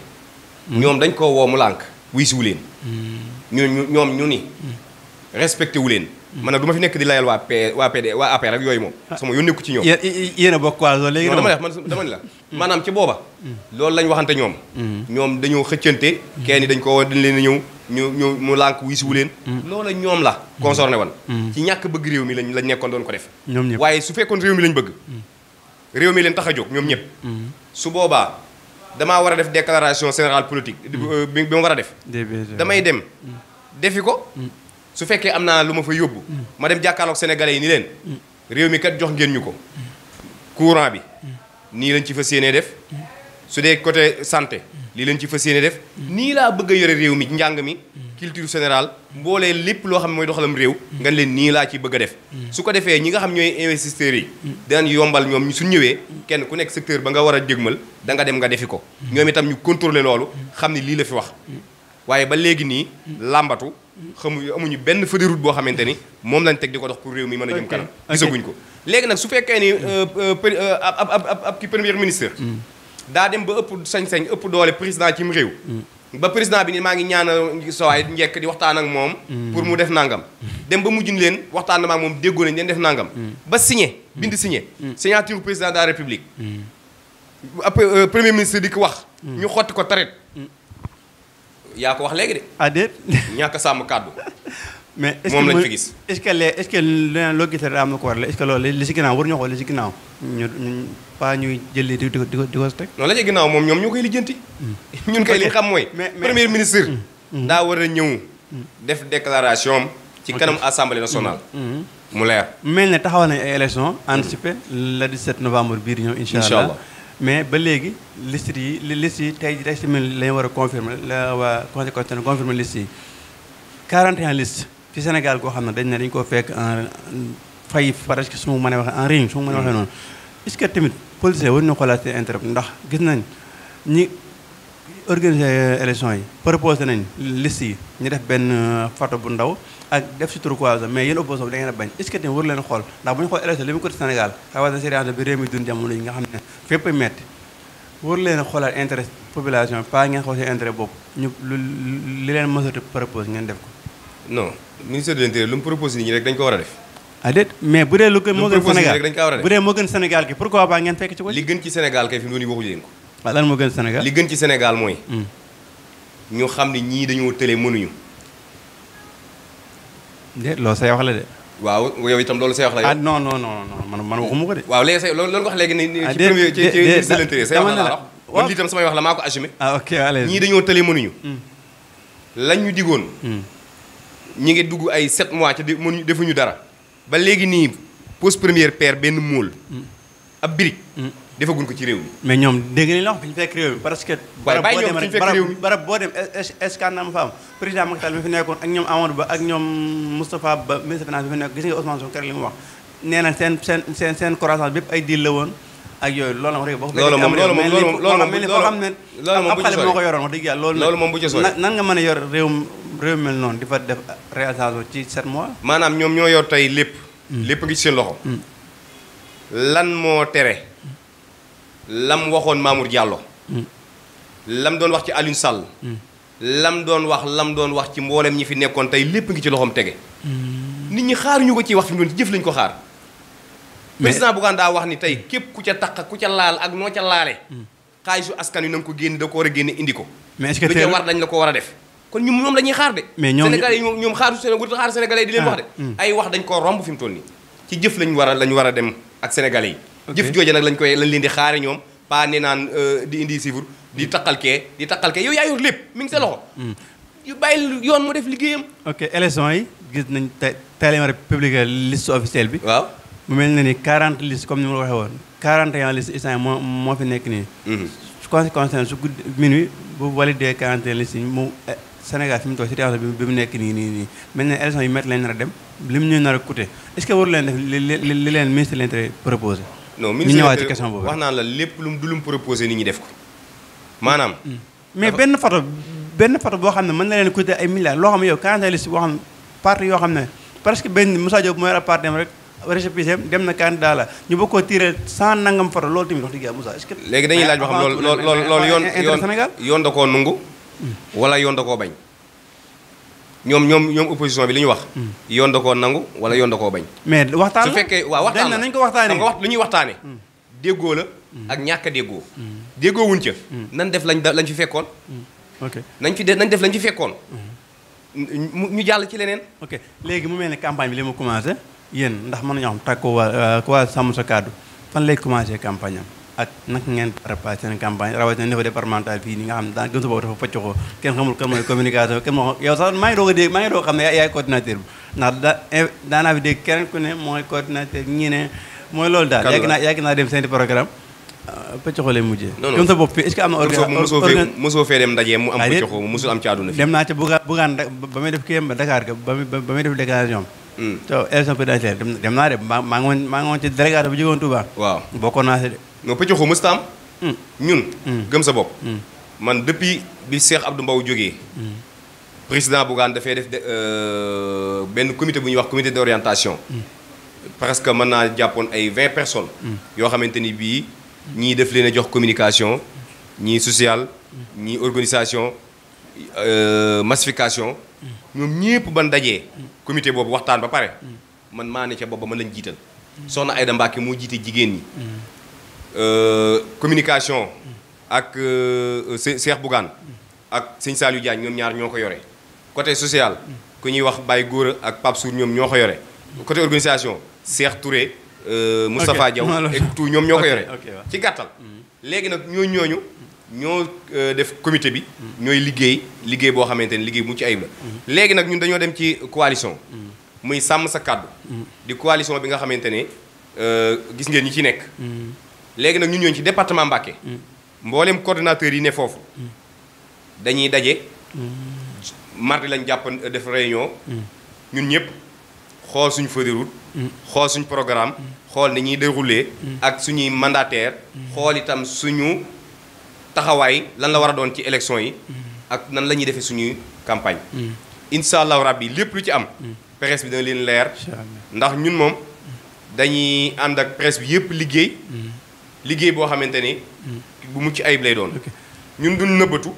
ñoom dañ koo woo mu lànk wuy si wu leen. Hmm. ñooñu ñoom ñu ni hmm. respecté wu leen. Hmm. maanaam du duma fi nekk di layal waa P waa PD waa APR ak yooyu moom. Ah. sama yoon nekku ci ñoom. yéen bokk waaw léegi dama la man dama la. maanaam ci booba. loolu lañ waxante ñoom. ñoom dañoo xëccante. kenn dañ ko dañ leen a ñëw ñu ñu mu lànk wii siwu leen. loola ñoom la. concerné woon. ci ñàkk bëgg réew mi lañ lañ nekkoon doon ko def. ñoom ñëpp waaye su fekkoon réew mi lañ bëgg. réew mi leen tax a jóg ñoom ñëpp. Mm-hmm. su boobaa damaa war a def déclaration générale politique. Mm-hmm. Euh, bi bi ma war a def. damay dem mm-hmm. defi ko. su fekkee am naa lu ma fa yóbbu. ma dem jàkkaarloog sénégalais yi ni leen. réew mi kat jox ngeen ñu ko. courant bi nii lañ ci fas yéenee def. su dee côté santé lii leen ci fas yéenee def. nii laa bëgg a yore réew mi njàng mi. culture générale mbolé lepp lo xam ne doxalam réew nga len ni la ci bëgg def su ko ñi nga xam ñoy investisseurs yi dañ yombal ñom ñu kenn ku nekk secteur ba nga wara a da nga dem nga ko itam ñu contrôler lolu xam la fi wax ba légui ni lambatu amuñu benn route bo xamanteni mom lañ tek dox pour réew mi mëna jëm kanam gisaguñ ko légui nak su ni euh, euh, euh, ki premier ministre hmm. da dem ba ëpp sañ-sañ ëpp président ci réew hmm. ba président bi ni maa ngi ñaanal sawaay njekk di waxtaan ak moom mm. pour mu def nangam dem ba mujjun leen waxtaan na maag moom déggoo nañ leen def nangam mm. ba signé bind mm. signé signature président de la république euh, premier ministre di ko wax ñu xotti ko taret yaa ko wax léegi de ah déet ñàkk a sàmm kàddu mais moom lañ fi gis est-ce que est loo gisee daa am na ko war la est loolu li si ginnaaw war ñoo xool li si ginnaaw pas ñuy jëlee di ko di ko di ko teg. loolu la ci ginnaaw moom ñoom ñoo koy lijjanti. Hmm. ñun kay li xam mooy. premier ministre. Hmm. Hmm. daa war a ñëw. def déclaration ci kanam assemblée nationale. mu leer. mel ne taxawal nañ ay élection anticipée le 17 novembre bii di ñëw incha allah mais ba léegi liste yi liste yi tey tey semaine lañu war a confirmer la waa conseil constitutionnel confirmer liste yi 41 listes fi Sénégal koo xam ne dañ ne dañ koo fekk en fay presque su ma mënee waxee en réunion su ma mënee waxee policier war ñu xoolaat seen intérêt ndax gis nañ ñi organiser élection yi proposé nañ liste yi ñu def benn euh, photo bu ndaw ak def ci turquoise mais yéen opposition bi da bañ est ce war leen xool ndax bu ñu xool élection li mu ko Sénégal rawatina séréance bi réew mi dund jamono yi nga xam ne fépp metti war leen xoolaat intérêt population pas ngeen xool seen intérêt boobu ñu li leen mësatu propose ngeen def ko non ministère de l'intérieur lu mu propose rek dañ ko war a def ah mais bu dee lu gën moo gën Sénégal bu dee moo gën Sénégal ki pourquoi pas ngeen fekk ci ko li gën ci Sénégal kay fi mu waxuñu gën ci Sénégal mooy hmm. ñu xam ne ñii dañoo tële mënuñu déet loolu say wax la de waaw yow itam loolu say wax la yow ah non non non man man ko de waaw loolu nga wax léegi ni ah, ci premier ci ci l'intérêt wax la wax man lii itam samay wax la maa ko assumé ah, dañoo tële mënuñu hmm. lañ ñu digoon hmm. ngi dugg ay 7 mois ci mënuñu defuñu dara ba léegi nii pose première pierre benn mool. Mm. ab brique. Mm. defaguñ ko ci réew mi. mais ñoom dégg nañ la wax fi ñu fekk réew mi parce que. waaye bàyyi ñoom fi ñu fekk réew mi barab boo dem escandale ma fa am fi nekkoon ak ñoom Amadou Ba ak ñoom Moustapha Ba ministre finance bi fi nekk gis nga Ousmane Sonko li mu wax nee seen seen seen seen croissance bépp ay diil la woon. ak yooyu loolu moom rek loolu moom loolu moom loolu moom loolu xam ne ab xale moo ko yoroon wax dëgg yàlla loolu loolu moom bu ci sooy nan nga mën a yor réew réew mel noonu di fa def réalisation ci 7 mois maanaam ñoom ñoo yor tey lépp hmm. lépp ngi ci seen loxo hmm. lan moo tere lam waxoon Mamour Diallo hmm. lam doon wax ci Alioune Sall lam doon wax lam doon wax ci mboolem ñi fi nekkoon tey lépp ngi ci loxoom tege nit ñi xaaruñu ko ci wax fi ci jëf lañ ko xaar président Bougane daa wax ni tey képp ku ca taq ku ca laal ak noo ca laale hmm. xaalisu askan wi na nga ko génne da ko war a génne indi ko mais est-ce lu ca war dañ la ko war a def kon ñum ñoom dañuy xaar de sénégalais yi ñoom xaaru sénégal xaar sénégalais di leen ah, wax de hmm. ay wax dañ ko romb fi toll nii ci jëf lañ war a dem ak sénégalais yi jëf jooje nag lañ koy lañ leen di xaare ñoom pas ne naan euh, di indi sifur di hmm. taqal kee di taqal kee yow yaa yor lépp mi ngi sa loxo yu bàyyi yoon mu def liggéeyam ok élection yi gis nañ tey tey lañ war a publier liste bi waaw mel ne ni 40 listes comme ni ma dit, listes fi listes eh, Sénégal bi ne yu dem lim est ce que vous leen def li li leen ministre non ministre la mais ben, photo benn photo boo xam ne mën na ay milliards listes parti presque Moussa Diop récépissé dem na candidat la ñu bokkoo koo tiré sans nangam faro loolu tamit wax dëgg yàlla léegi dañuy laaj ba xam loolu loolu loolu loolu yoon yoon yoon da koo hmm. wala yoon da koo bañ. ñoom ñoom ñoom opposition bi li ñu wax. Hmm. yoon da koo nangu wala yoon da koo bañ. mais waxtaan la su fekkee waaw waxtaan la dañ ko waxtaanee nga wax lu waxtaanee. Hmm. déggoo la ak ñàkk a déggoo. déggoo nan def lañ da lañ fi fekkoon. ok nañ fi de nañ def lañ fi fekkoon. ñu jàll ci leneen. ok léegi mu mel ne campagne bi li ma commencé yéen ndax mën nañoo xam tàggoo waa euh, waa sàmm sa kàddu fan lay commencé campagne am ak naka ngeen préparé seen campagne rawatina niveau ni nga xam daan gëm sa bopp dafa pëccoxoo kenn xamul kenn xam ne yaay eh, fi dégg keneen ku ne mooy coordinateur ñi ne mooy loolu daal yàgg naa naa dem seen programme pëccoxoo euh, lay mujjee gëm bopp fii est-ce que am na mosoo fee dem ndaje mu am pëccoxoo mosul am ci àdduna fi dem naa ca bugaan ba may def kii ba Dakar ga ba may to élection eh, présidentielle eh, dem na de maa maa ngi woon maa ngi ci délégation bu jógoon Touba. waaw bokkoon naa si de. non pëcc mës taam hmm. ñun. Hmm. gëm sa bop hmm. man depuis bi Cheikh Abdou Mbow jógee. président Bougane dafay def ben comité bu ñuy wax comité d'orientation. parce que mën japon ay 20 personnes. yo xamante bi ñi ñii def leen jox communication ñi social ñi organisation euh massification. ñoom ñépp ban dajee comité boobu waxtaan ba pare man maa ne ca booba ma lañ jiital soxna Aïda Mbacke moo jiite jigéen ñi euh, communication ak euh, Cheikh Bougane ak sëñ Saliou Diagne ñoom ñaar ñoo ko yore côté social ku ñuy wax Baye góor ak Pape Sour ñoom ñoo ko yore côté organisation Cheikh Touré euh, Moustapha Diaw et tout ñoom ñoo ko yore ci gàttal léegi nag ñooñu ñooñu ñoo euh, def comité bi. ñooy liggéey liggéey boo xamante ni liggéey mucc la. ñun dem ci coalition. muy sàmm sa coalition bi nga xamante ne euh, gis ngeen ñi ci nekk. ñun ci département Mbacké. mboolem coordonnateur yi ne foofu. dañuy daje. mardi euh, def réunion. ñun feuille de route. suñu programme. xool ni ñuy déroulé. ak est mandataire xool itam taxawaay lan la war a doon ci élection yi mm. ak nan la ñuy defee suñuy campagne mm. incha allahu yi lépp lu ci am mm. presse bi dana leen leer ndax ñun moom dañuy ànd ak presse bi yëpp liggéey liggéey boo xamante ni bu mucc ayib lay doon ñun duñ nëbbatu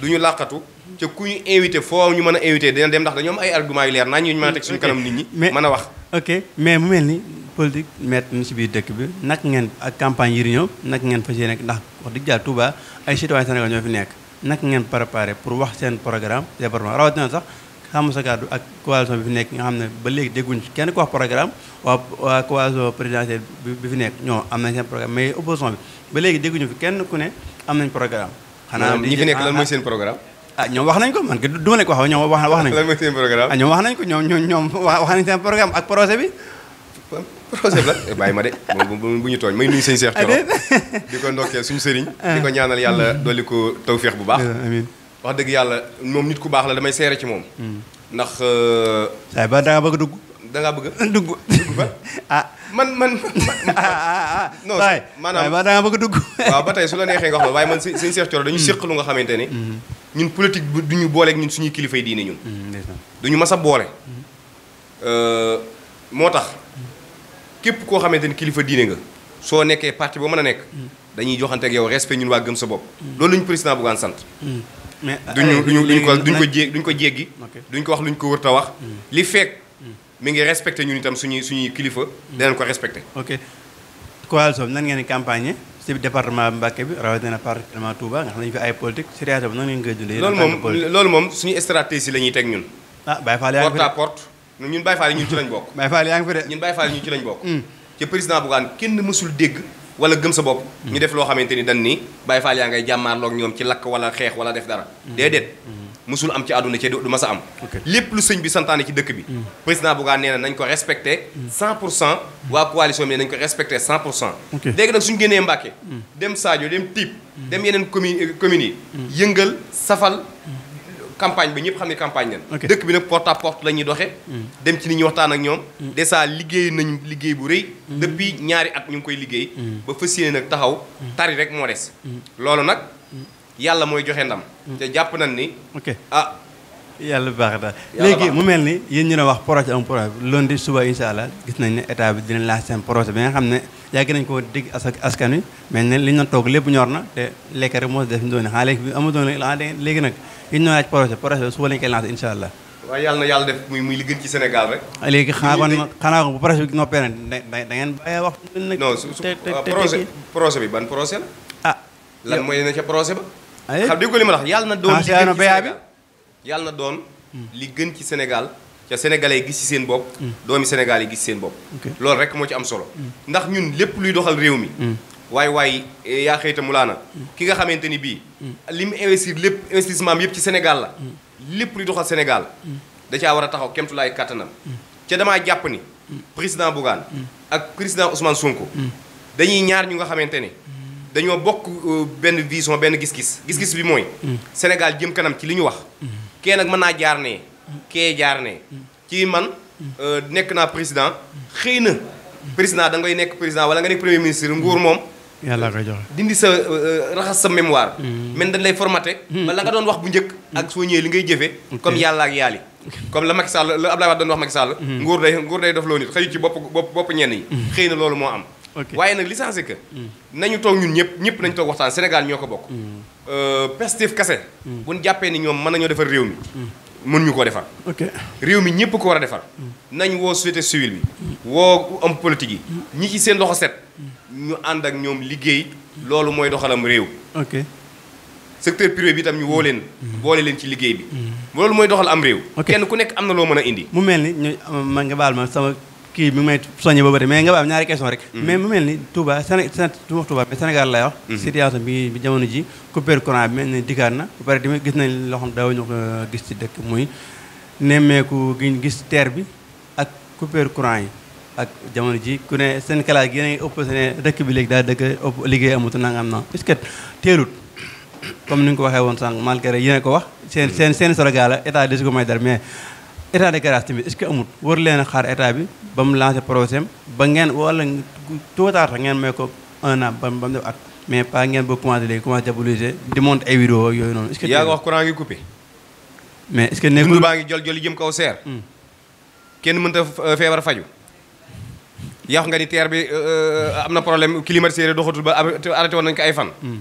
duñu làqatu ca ku ñu invité foo ñu mën a invité dina dem ndax dañoo am ay argument yu leer naa ñu mën a teg suñu kanam nit ñi mën a wax ok mais mu mel ni politique met na si biir dëkk bi nag ngeen ak campagne yi ñëw nag ngeen fas yéene ndax wax dëgg yàlla Touba ay citoyen Sénégal ñoo fi nekk naka ngeen préparé pour wax seen programme département rawatina sax sàmm sa ak coalition bi fi nekk ba léegi dégguñ ci kenn ko wax programme waa waa coalition présidentielle bi fi nekk ñoo am nañ seen programme mais opposition bi ba léegi dégguñu fi kenn ku ne am nañ programme xanaa ñi fi nekk lan mooy seen programme ko man ak projet bi projet la eh, bàyyi ma de bu ñu tooñ may nuyu sëñ Cheikh Thioro di ko ndokkee suñu sëriñ di ko ñaanal yàlla dolli ko tawféex bu baax amiin wax dëgg yàlla moom nit ku baax la damay seere ci moom hmm. ndax euh, saay ba da nga bëgg dugg da ngaa bëgg a dugg dugg ba ah man man ah, ah, ah, non maanaam ba da ngaa bëgg a dugg waaw ba tey su la neexee nga wax waaye man sëñ Cheikh Thioro dañu hmm. séq lu nga xamante ne hmm. ñun politique bi duñu booleeg ñun suñuy kilifay diine ñun duñu mas a boole euh, moo képp koo xamante ni kilifa diine nga soo nekkee parti boo mën a nekk dañuy joxante ak yow respect ñun waa gëm sa bopp loolu luñ président Bougane sant mais duñu duñu duñ ko duñ ko jé duñ ko jéggi duñ ko wax luñ ko wërta wax mm. li fekk mi ngi respecté ñun itam suñuy suñuy kilifa mm. danañ ko respecté ok coalition bi nan ngeen campagne ci département Mbacké bi rawatina particulièrement Touba nga xam ne ñu fi ay politique si réaction bi nan ngeen koy dundee loolu moom loolu moom suñu stratégie la ñuy teg ñun ah, ñun Baye Fall yi ñun ci lañ bokk. Baye ci lañ bokk. Mm. kenn mësul dégg wala gëm sa bopp. Mm. ñu def loo xamante ni dañ ni Baye Fall yaa ngay jàmmaarloog ñoom ci lakk wala xeex wala def dara. Mm. déedéet. musul am ci àdduna ci du ma sa am lépp lu sëñ bi santaane ci dëkk bi président Bougane nee na nañ ko respecté 100 pour cent waa coalition bi ne nañ ko respecté 100 pour cent léegi nag suñu génnee Mbàkke dem Sadio dem Tiib dem yeneen commune campagne bi ñëpp xam ne campagne leen dëkk bi nag porte à porte la doxe hmm. dem ci nit ñi waxtaan ak ñoom hmm. dèjà liggéey nañu liggéey bu rëy hmm. depuis ñaari at ñu ngi koy liggéey ba fas yéene nag taxaw tari rek moo des loolu nag yàlla mooy joxe ndam te jàpp nañ ni ah yàlla baax daal léegi mu mel ni yéen ñu ne wax projet am projet lundi suba incha allah gis nañ ne état bi dina laa seen projet bi nga xam ne yàgg nañ koo dégg askan wi mel ne li na doon toog lépp ñor na te lekk rek moo def ñu doon xanaa léegi bi amu doon ah, léegi nag li ñu naan projet projet bi suba lañ koy lancé incha allah. waaw yàlla na yàlla def muy muy li gën ci Sénégal rek. Ah, léegi xanaa kon projet bi noppee nag da da ngeen bàyyi wax. Euh, projet projet bi ban na ah, ca ba. Ah, xam dégg li ma la yàlla na doon li gën ci Sénégal yàlla Sénégal. ca sénégalais gis ci seen bopp. doomi Sénégal yi gis ci seen bopp. Mm. loolu rek moo ci am solo. Mm. ndax ñun lépp luy doxal réew mi. Mm. waaye waaye yaa xëyta na mm. ki nga xamante ni bii mm. li mu investir lépp investissement bi yëpp ci Sénégal la mm. lépp lu doxal Sénégal da caa war a taxaw kemtulaay kattanam ca damaa jàpp ni président Bougane ak président Ousmane Sonko dañuy ñaar ñu nga xamante ni dañoo bokk euh, benn vision benn gis-gis gis-gis bi mooy Sénégal jëm kanam ci li ñu wax kee nag mën naa jaar nee kee jaar nee ci man euh, nekk naa président xëy na président da ngay nekk président wala nga nekk premier nguur moom yàlla koy joxe dindi sa euh, euh, raxas sa mémoire. Hmm. men dañ lay formaté. Hmm. ba la nga doon wax bu njëkk. Hmm. ak soo ñëwee li ngay jëfee. comme yàlla ak yàlli comme la Macky Sall la Abdoulaye Wade doon wax Macky Sall. nguur day nguur day def loo nit xëyu ci bopp bopp ñenn yi. xëy na loolu moo am. waaye nag li c'est que. nañu toog ñun ñëpp ñëpp nañu toog waxtaan Sénégal ñoo ko bokk. Euh, Pastef kase. bu ñu jàppee ni ñoom mën nañoo defar réew mi. mën ñu koo defar. réew mi ñëpp ko war a defar. nañ woo société civile woo am politique yi. ñi ci ñu ànd ak ñoom liggéey loolu mooy doxalam réew. ok secteur privé bi itam ñu woo leen. Mm-hmm. boole leen ci liggéey bi. Mm-hmm. loolu mooy doxal am réew. kenn ku nekk am na loo mën a indi. mu mel ni ñu man nga baal ma sama kii bi may soññee ba bëri mais nga baal ñaari question rek. Mm-hmm. mais mu mel ni Touba Séné Séné Touba mais Sénégal lay wax. situation bi jamono ji coupure courant bi mel ni dikkaat na ba pare tamit gis nañ loo xam daawuñu ko gis ci dëkk muy nemmeeku giñ gis teer bi ak coupure courant yi. ak jamono ji ku ne seen kalaas gi yéen ngi opposé ne dëkk bi léegi daal dëkk liggéey amatu nanga am na est que teelut comme ni nga ko waxee woon sànq malgré yéen a ko wax seen seen seen sorogaa la état de su ko may dara mais état de grâce tamit est amut war leen xaar état bi ba mu lancé projet ba ngeen wala tuutaata ngeen may ko un an ba mu def at mais pas ngeen ba commencé léegi commencé diaboliser di monter ay vidéo ak yooyu noonu est-ce que yaa ngi ngi coupé mais est-ce que nekkul baa ngi jol joli jëm yow nga ni teer bi euh, euh, am na problème climatiseur doxatul ba arrêté woon nañu ko ay fan. Hmm.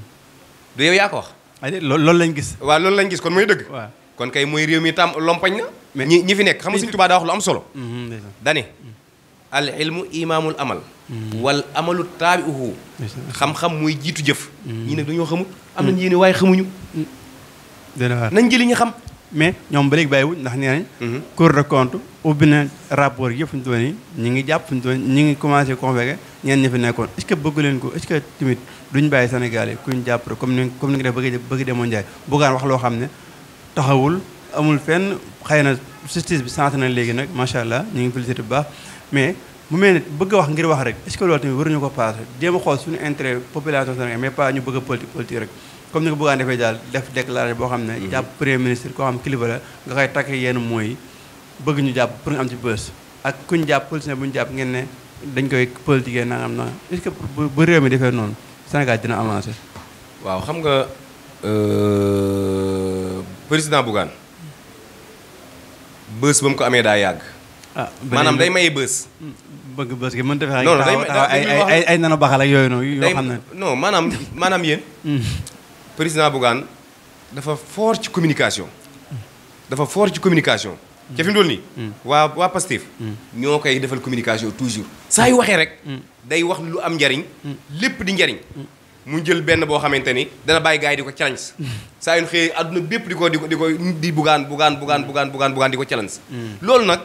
du yow yaa ko wax. Ah, loolu lañ gis. waaw lool lañ gis kon mooy dëgg. kon kay mooy réew mi tam lompañ na. ñi ñi fi nekk xam si Sëñ Tuubaa daa wax lu am solo. Hmm, hmm, dani al ilmu imaamul amal. wal amalu taabiuhu xam-xam mooy jiitu jëf. ñii nag dañoo xamut. am nañu yéene waaye xamuñu. nañ jëli ñi xam. mais ñoom ba léegi bàyyiwuñ ndax nee nañ. Mhm. Cour des comptes ubbi na rapport yëpp fu ñu doon nii ñu ngi jàpp fu ñu doon ñu ngi commencé convoqué ñeen ñi fi nekkoon est bëgg leen ko est ce que ñu duñ bàyyi Sénégal yi kuñ jàpp rek comme ni comme ni nga def bëgg bëgg demoon buggaan wax loo xam ne taxawul amul fenn xëy na justice bi sant na léegi nag macha allah ñu ngi félicité bu baax mais mu mel bëgg a wax ngir wax rek est ce que loolu tamit waruñu ko passé jéem a xool suñu mais pas ñu bëgg a politique rek comme ni ko bëggaan defee daal def déclaré boo xam ne mhm. jàpp premier ministre koo xam kilifa la nga koy takk yenn mooy bëgg ñu jàpp pour nga am ci bës ak kuñ ñu jàpp politicien bu ñu jàpp ngeen ne dañ koy politiquer na am na est-ce mi defee noonu Sénégal dina avancé waaw xam nga euh, président Bougane bës ba mu ko amee daa yàgg ah maanaam day maye bës bëgg bës gi mën defee ay ay ay yooyu noonu yoo xam ne non maanaam maanaam yéen hmm. président Bougane dafa foor ci communication. dafa foor ci communication. ca fi mu toll nii. waa waa Pastef. ñoo koy defal communication toujours saa yu waxee rek. day wax lu am njariñ. lépp di njariñ. mu jël benn boo xamante ni dana bàyyi gars yi di ko challenge saa yu xëyee àdduna bépp di ko di ko di ko di bugaan bugaan bugaan bugaan bugaan bugaan di ko challenge loolu nag.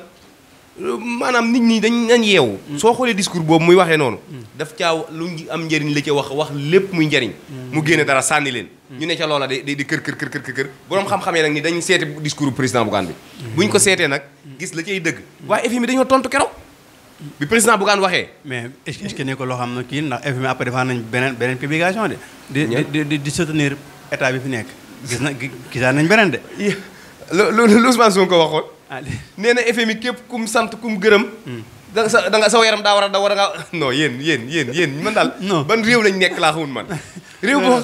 maanaam nit ñi dañ nañ yeewu. soo xoolee discours boobu muy waxee noonu. daf caaw lu am njëriñ la ca wax wax lépp muy njëriñ. mu génne dara sànni leen. ñu ne ca loola di di kër kër kër kër kër. boroom xam-xamee nag ni dañ seete discours président Bougane bi. buñ ko seetee nag gis la cay dëgg. waaye FMI dañoo tontu keroog. bi président Bougane waxee. mais est-ce que ne ko loo xam ne kii ndax FMI après defaat nañ beneen beneen publication de. di di di soutenir bi fi nekk. gis na gisaan nañ beneen de. lu lu Ousmane Sonko waxoon. nee na FMI képp kum sant kum gërëm. Hmm. da nga sa da nga sa yaram daa war a da war a ngaa non yéen yéen yéen yéen man daal. ban réew lañ nekk laa xamul man. réew boo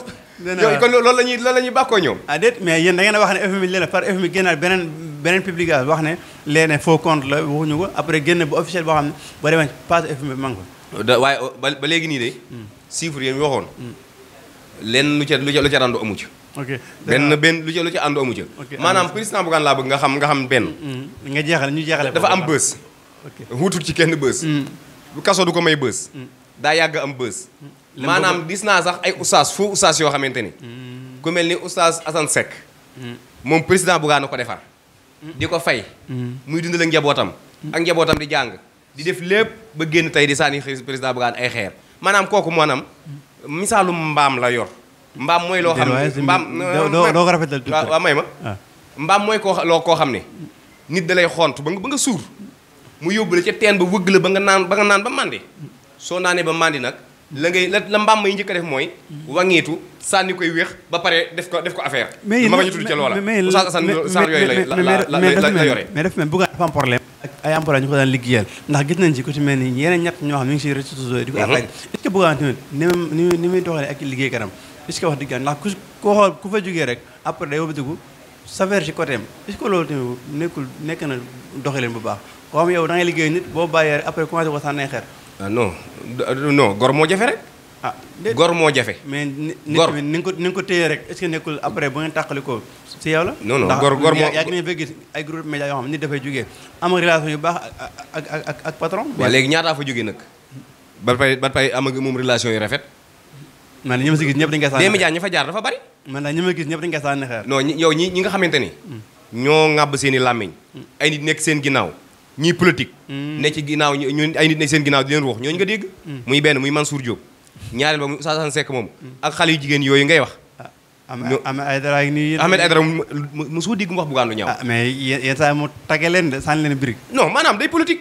lool kon la ñuy loolu la ñuy bàkkoo ñoom. ah déet mais yéen da wax ne FMI léegi par FMI génnaat beneen beneen publication wax ne léegi ne faux compte la waxuñu ko après génn bu officiel boo xam ne boo demee page FMI bi manqué ko. waaye ba léegi nii de. Hmm. chiffre yéen waxoon. Hmm. lenn lu ca lu ca lu ca randu amu ci. ok benn benn lu ci lu ci ànd amu ca. maanaam président Bougane laa bëgg nga xam nga xam benn. Mm-hmm. nga jeexal ñu jeexale dafa am bës. ok wutul ci kenn bës. bu mm-hmm. kaso du ko may bës. Mm-hmm. daa yàgg am bës. maanaam gis naa sax ay oustaz foo oustaz yoo xamante ni. ku mel ni oustaz Assane Seck. moom président Bougane ko defar. di ko fay. muy dundal njabootam. ak njabootam di jàng. di def lépp ba génn tey di sànni président Bougane ay xeer maanaam kooku maanaam misaalum mbaam la yor mbam moy lo xamni mbam no no ah. ko rafetal tout wa may ma mbaam mooy koo loo koo nit dalay xont ba nga ba nga suur mu yóbbu ci ten ba wëgg la ba nga naan ba nga naan ba mandi so naane ba mandi nak la ngay la mbam may ñëk def moy wangeetu sani koy wéex ba paré def ko def ko affaire ma bañ tuddu ci ca loola sa san yoy lay la la yore mais def même bu nga am problème ak ay problème ñu ko daan liggéeyal ndax gis nañ ci ko ci melni yeneen ñoo xam ñu ci si réseaux di ko attaqué est ce que nga tamit ni ni muy doxalee ak liggéey kanam est-ce que wax dëgg ndax ku koo xool ku fa jógee rek après day wëbatiku sévère ci côté am est loolu tamit nekkul nekk na doxalin bu baax koo xam yow da liggéey nit boo bàyyee rek après commencé ko sànnee xeer. ah non gor moo jafe rek. ah gor moo jafe. mais gor ni nga ko ni nga ko téye rek est-ce que nekkul après bu ngeen tàqali ko si yow la. non non gor gor moo ndax ba ngi fay gis ay groupe média yoo xam nit dafay jógee am relation yu baax ak ak ak patron. waaw léegi ñaataa fa jógee nag. ba pare ba pare am ak moom relation yu rafet. man ñi ma si gis ñep dañ koy sànni. média ñi fa jaar dafa bari. man daal ñi ma gis ñep dañ koy sànni xeer. non yow ñi ñi nga xamante ni. ñoo ŋàbb seen i làmmiñ. ay nit nekk seen ginnaaw. ñi politique. ne ci ginnaaw ñu ay nit nekk seen ginnaaw di leen wax ñooñu nga dégg. muy benn muy Mansour Diop. ñaareel ba muy Oustaz Assane Seck moom. ak xale yu jigéen yooyu ngay wax. Ahmed Aïdara ak ni Ahmed Aïdara mu soo dig mu wax bu lu ñaw mais yeen sa mu tage leen de sànni leen brik non manam day politique.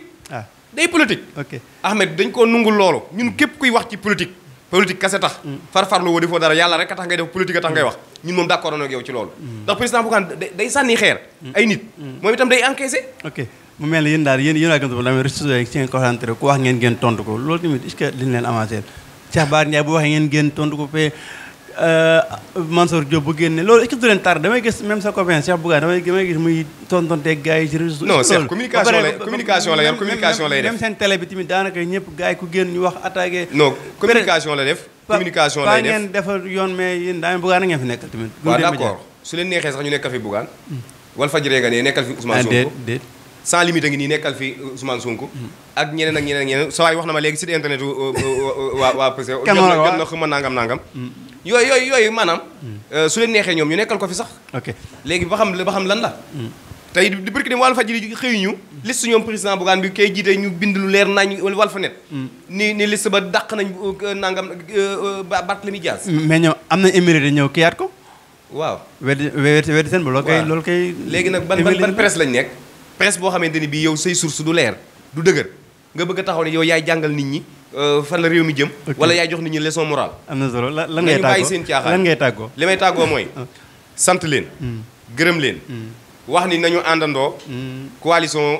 day politique. ok Ahmed dañ ko nungul loolu ñun hmm. kep kuy wax ci politique politique kase tax mm. farfarlu woo defoo dara yàlla rek a tax ngay def politique a tax ngay mm. wax ñun moom d'accord ak yow ci loolu mm. ndax président Bougane day sànni xeer ay nit moom itam day encaissé ok mu mel ne yéen daal yéen yéen waa Gëm sa Bopp rek ci ngeen concentré ku wax ngeen ngeen tontu ko loolu tamit est-ce que liñ leen avancé Cheikh Bara Ndiaye bu waxee ngeen ngeen tontu ko fee Euh, Mansour Diop bu génne loolu est-ce du leen tar damay gis même sa copain Cheikh Bouga communication lay communication communication lay def même yi ku génn ñu wax attaqué. la def. communication lay def ngeen defar yoon mais yéen daa Bouga na ngeen fi nekkal tamit. waaw d'accord su leen neexee sax ñu nekkal fi Bouga. wal fajiree nga ne nekkal fi Ousmane ah, Sonko déet sans limite euh, hmm. ak ñeneen ak ñeneen ak ñeneen saa yi wax na ma léegi site internet euh, waa waa waa. kan ma la wax na xuma yooyu yooyu yooyu maanaam hmm. euh, su leen neexee ñoom ñu nekkal ko fi sax ok léegi ba xam ba xam lan la hmm. tey di bërki dem wàllu fajiri xëyu ñu hmm. liste ñoom président Bougane bi kay jiite ñu bind lu leer nañ wàl fa net ni ni liste ba dàq nañ euh, euh, nangam bat Barthélémy Dias mais ñoom am nañ émérité ñëw kiyaat ko waaw weddi weddi seen ba loolu kay loolu kay léegi nag ban ban presse lañ nekk presse boo xamante ni bii yow say source du leer du dëgër nga bëgg a taxaw ne yow yaay jàngal nit ñi euh, fan la réew mi jëm wala yaay jox nit ñi leçon morale am na solo lan ngay tàggoo bàyyi seen caaxaan lan ngay tàggoo li may tàggoo mooy ah. sant leen mm. gërëm leen mm. wax ni nañu àndandoo mm. coalition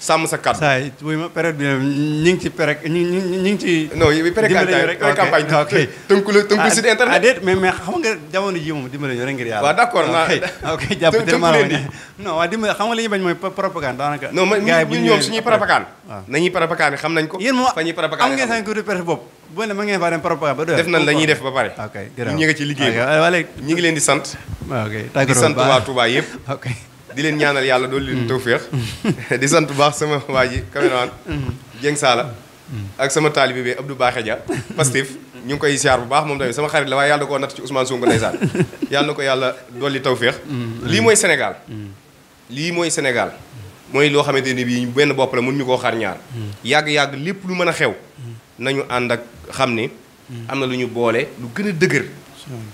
sàmm sa kàddu. saa yi wuy ci pré ñu ngi ñu ngi ci. non yow pré-campagne ok tënku la tënku ah, site internet. ah déet xam nga jamono ji moom dimbale ñu rek ngir yàlla. waaw d'accord naa ok ngi waa dimbale xam nga li bañ mooy propagande daanaka. non man ñun ñoom suñuy propagande. nañuy propagande xam nañ ko. yéen moom am ngeen seen groupe presse bopp. bu ne ma ngeen faa dem propagande ba def nañ la def ba pare. ok jërëjëf ñu ngi ci liggéey ñu ngi leen di sant. ok di sant waa Touba di leen ñaanal yàlla dool leen mm. tawféex di sant baax sama waa ji caméraman mm. Dieng Sala mm. ak sama taalibe bi Abdou Baaxe Dia Pastef ñu ngi koy siyaar bu baax moom tamit sama xarit la waaye yàlla da koo natt ci Ousmane Sonko ndeysaan yàlla na ko yàlla dolli tawféex lii mooy Sénégal lii mooy Sénégal mooy loo xamante ni bii benn bopp la mun ñu koo xar yàgg-yàgg lépp lu mën a xew nañu ànd ak xam ni am na lu ñu boole lu gën a dëgër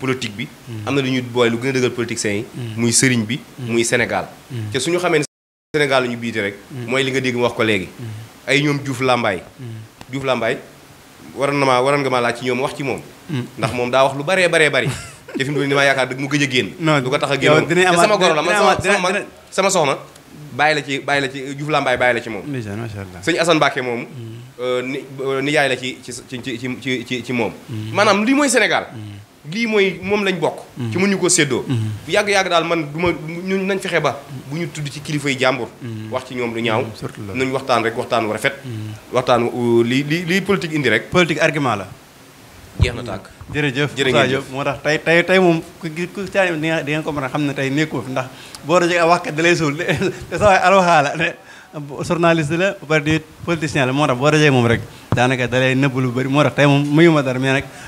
politique bi. Hmm. am na lu ñuy boole lu gën a dëggal politiciens yi. Hmm. muy sëriñ bi. Hmm. muy Sénégal. te su ñu xamee ne Sénégal ñu ñu biite rek. mooy li nga dégg mu wax ko léegi. ay ñoom Diouf Lambaye. Diouf Lambaye waroon na maa waroon nga maa laaj ci ñoom wax ci moom. ndax moom daa wax lu baree baree bari. te fi mu nii maa yaakaar dëgg mu gëj a génn. non du ko tax a génn te sama goro la man sama sama soxna. bàyyi la ci bàyyi la ci Diouf Lambaye bàyyi la ci moom. macha allah sëñ Assane Mbacke moom. Euh, ni euh, nijaay ci ci ci ci ci ci moom. maanaam lii mooy Sénégal. lii mooy moom lañ bokk. Mm-hmm. ci ñu ko seddoo mm-hmm. bu yàgg yàgg daal man du ma ñun nañ fexe ba. bu ñu tudd ci kilifay yi mm-hmm. wax ci ñoom lu ñaaw. nañ waxtaan rek waxtaan wu rafet. waxtaan uh, lii li li politique indi rek. politique argument la. jeex na tàkk. jërëjëf jërëjëf moo tax tey tey tey moom ku ku saa di nga di ko mën a xam ne tey nekkul ndax boo rajo ak waxkat da lay suul te sa waay alwaxaa la ne la ba pare di politicien la moo tax boo rajo moom rek daanaka da lay nëbb lu bëri moo tax tey moom muyu ma dara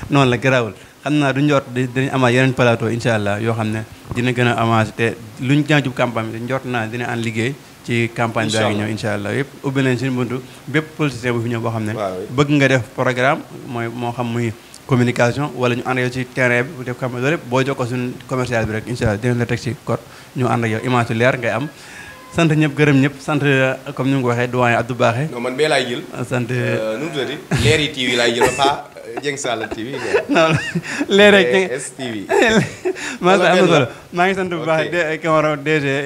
noonu la garaawul xam naa du njort dinañ amaat yeneen plateau incha allah yoo xam ne dina gën a avancé te luñ gën campagne bi naa dina an liggéey ci campagne bi ngi ñëw incha allah boo xam ne bëgg nga def programme mooy moo xam muy communication wala ñu ànd ci terrain bu def boo jokkoo suñu commercial bi rek incha allah dinañ la teg ci code ñu leer ngay am sant ñëpp gërëm ñëpp sant comme ni nga ko waxee doyen Abdou Baaxe non man bee laay jël sant euh, euh, nu mu tuddati leer Dieng Saala TV non léegi rek STV maa ngi sant bu baax Camara DG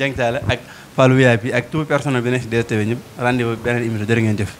Dieng eh, Saala ak Fallou VIP ak tout personnel bi nekk si DSTV ñëpp rendez-vous beneen émission jërë ngeen jëf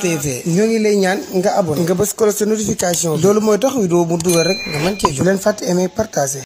TV ñoo ngi lay ñaan nga abonné nga bës ko la sa notification loolu mooy tax vidéo mu dugal rek nga mën cee jot leen fàtte aimer partager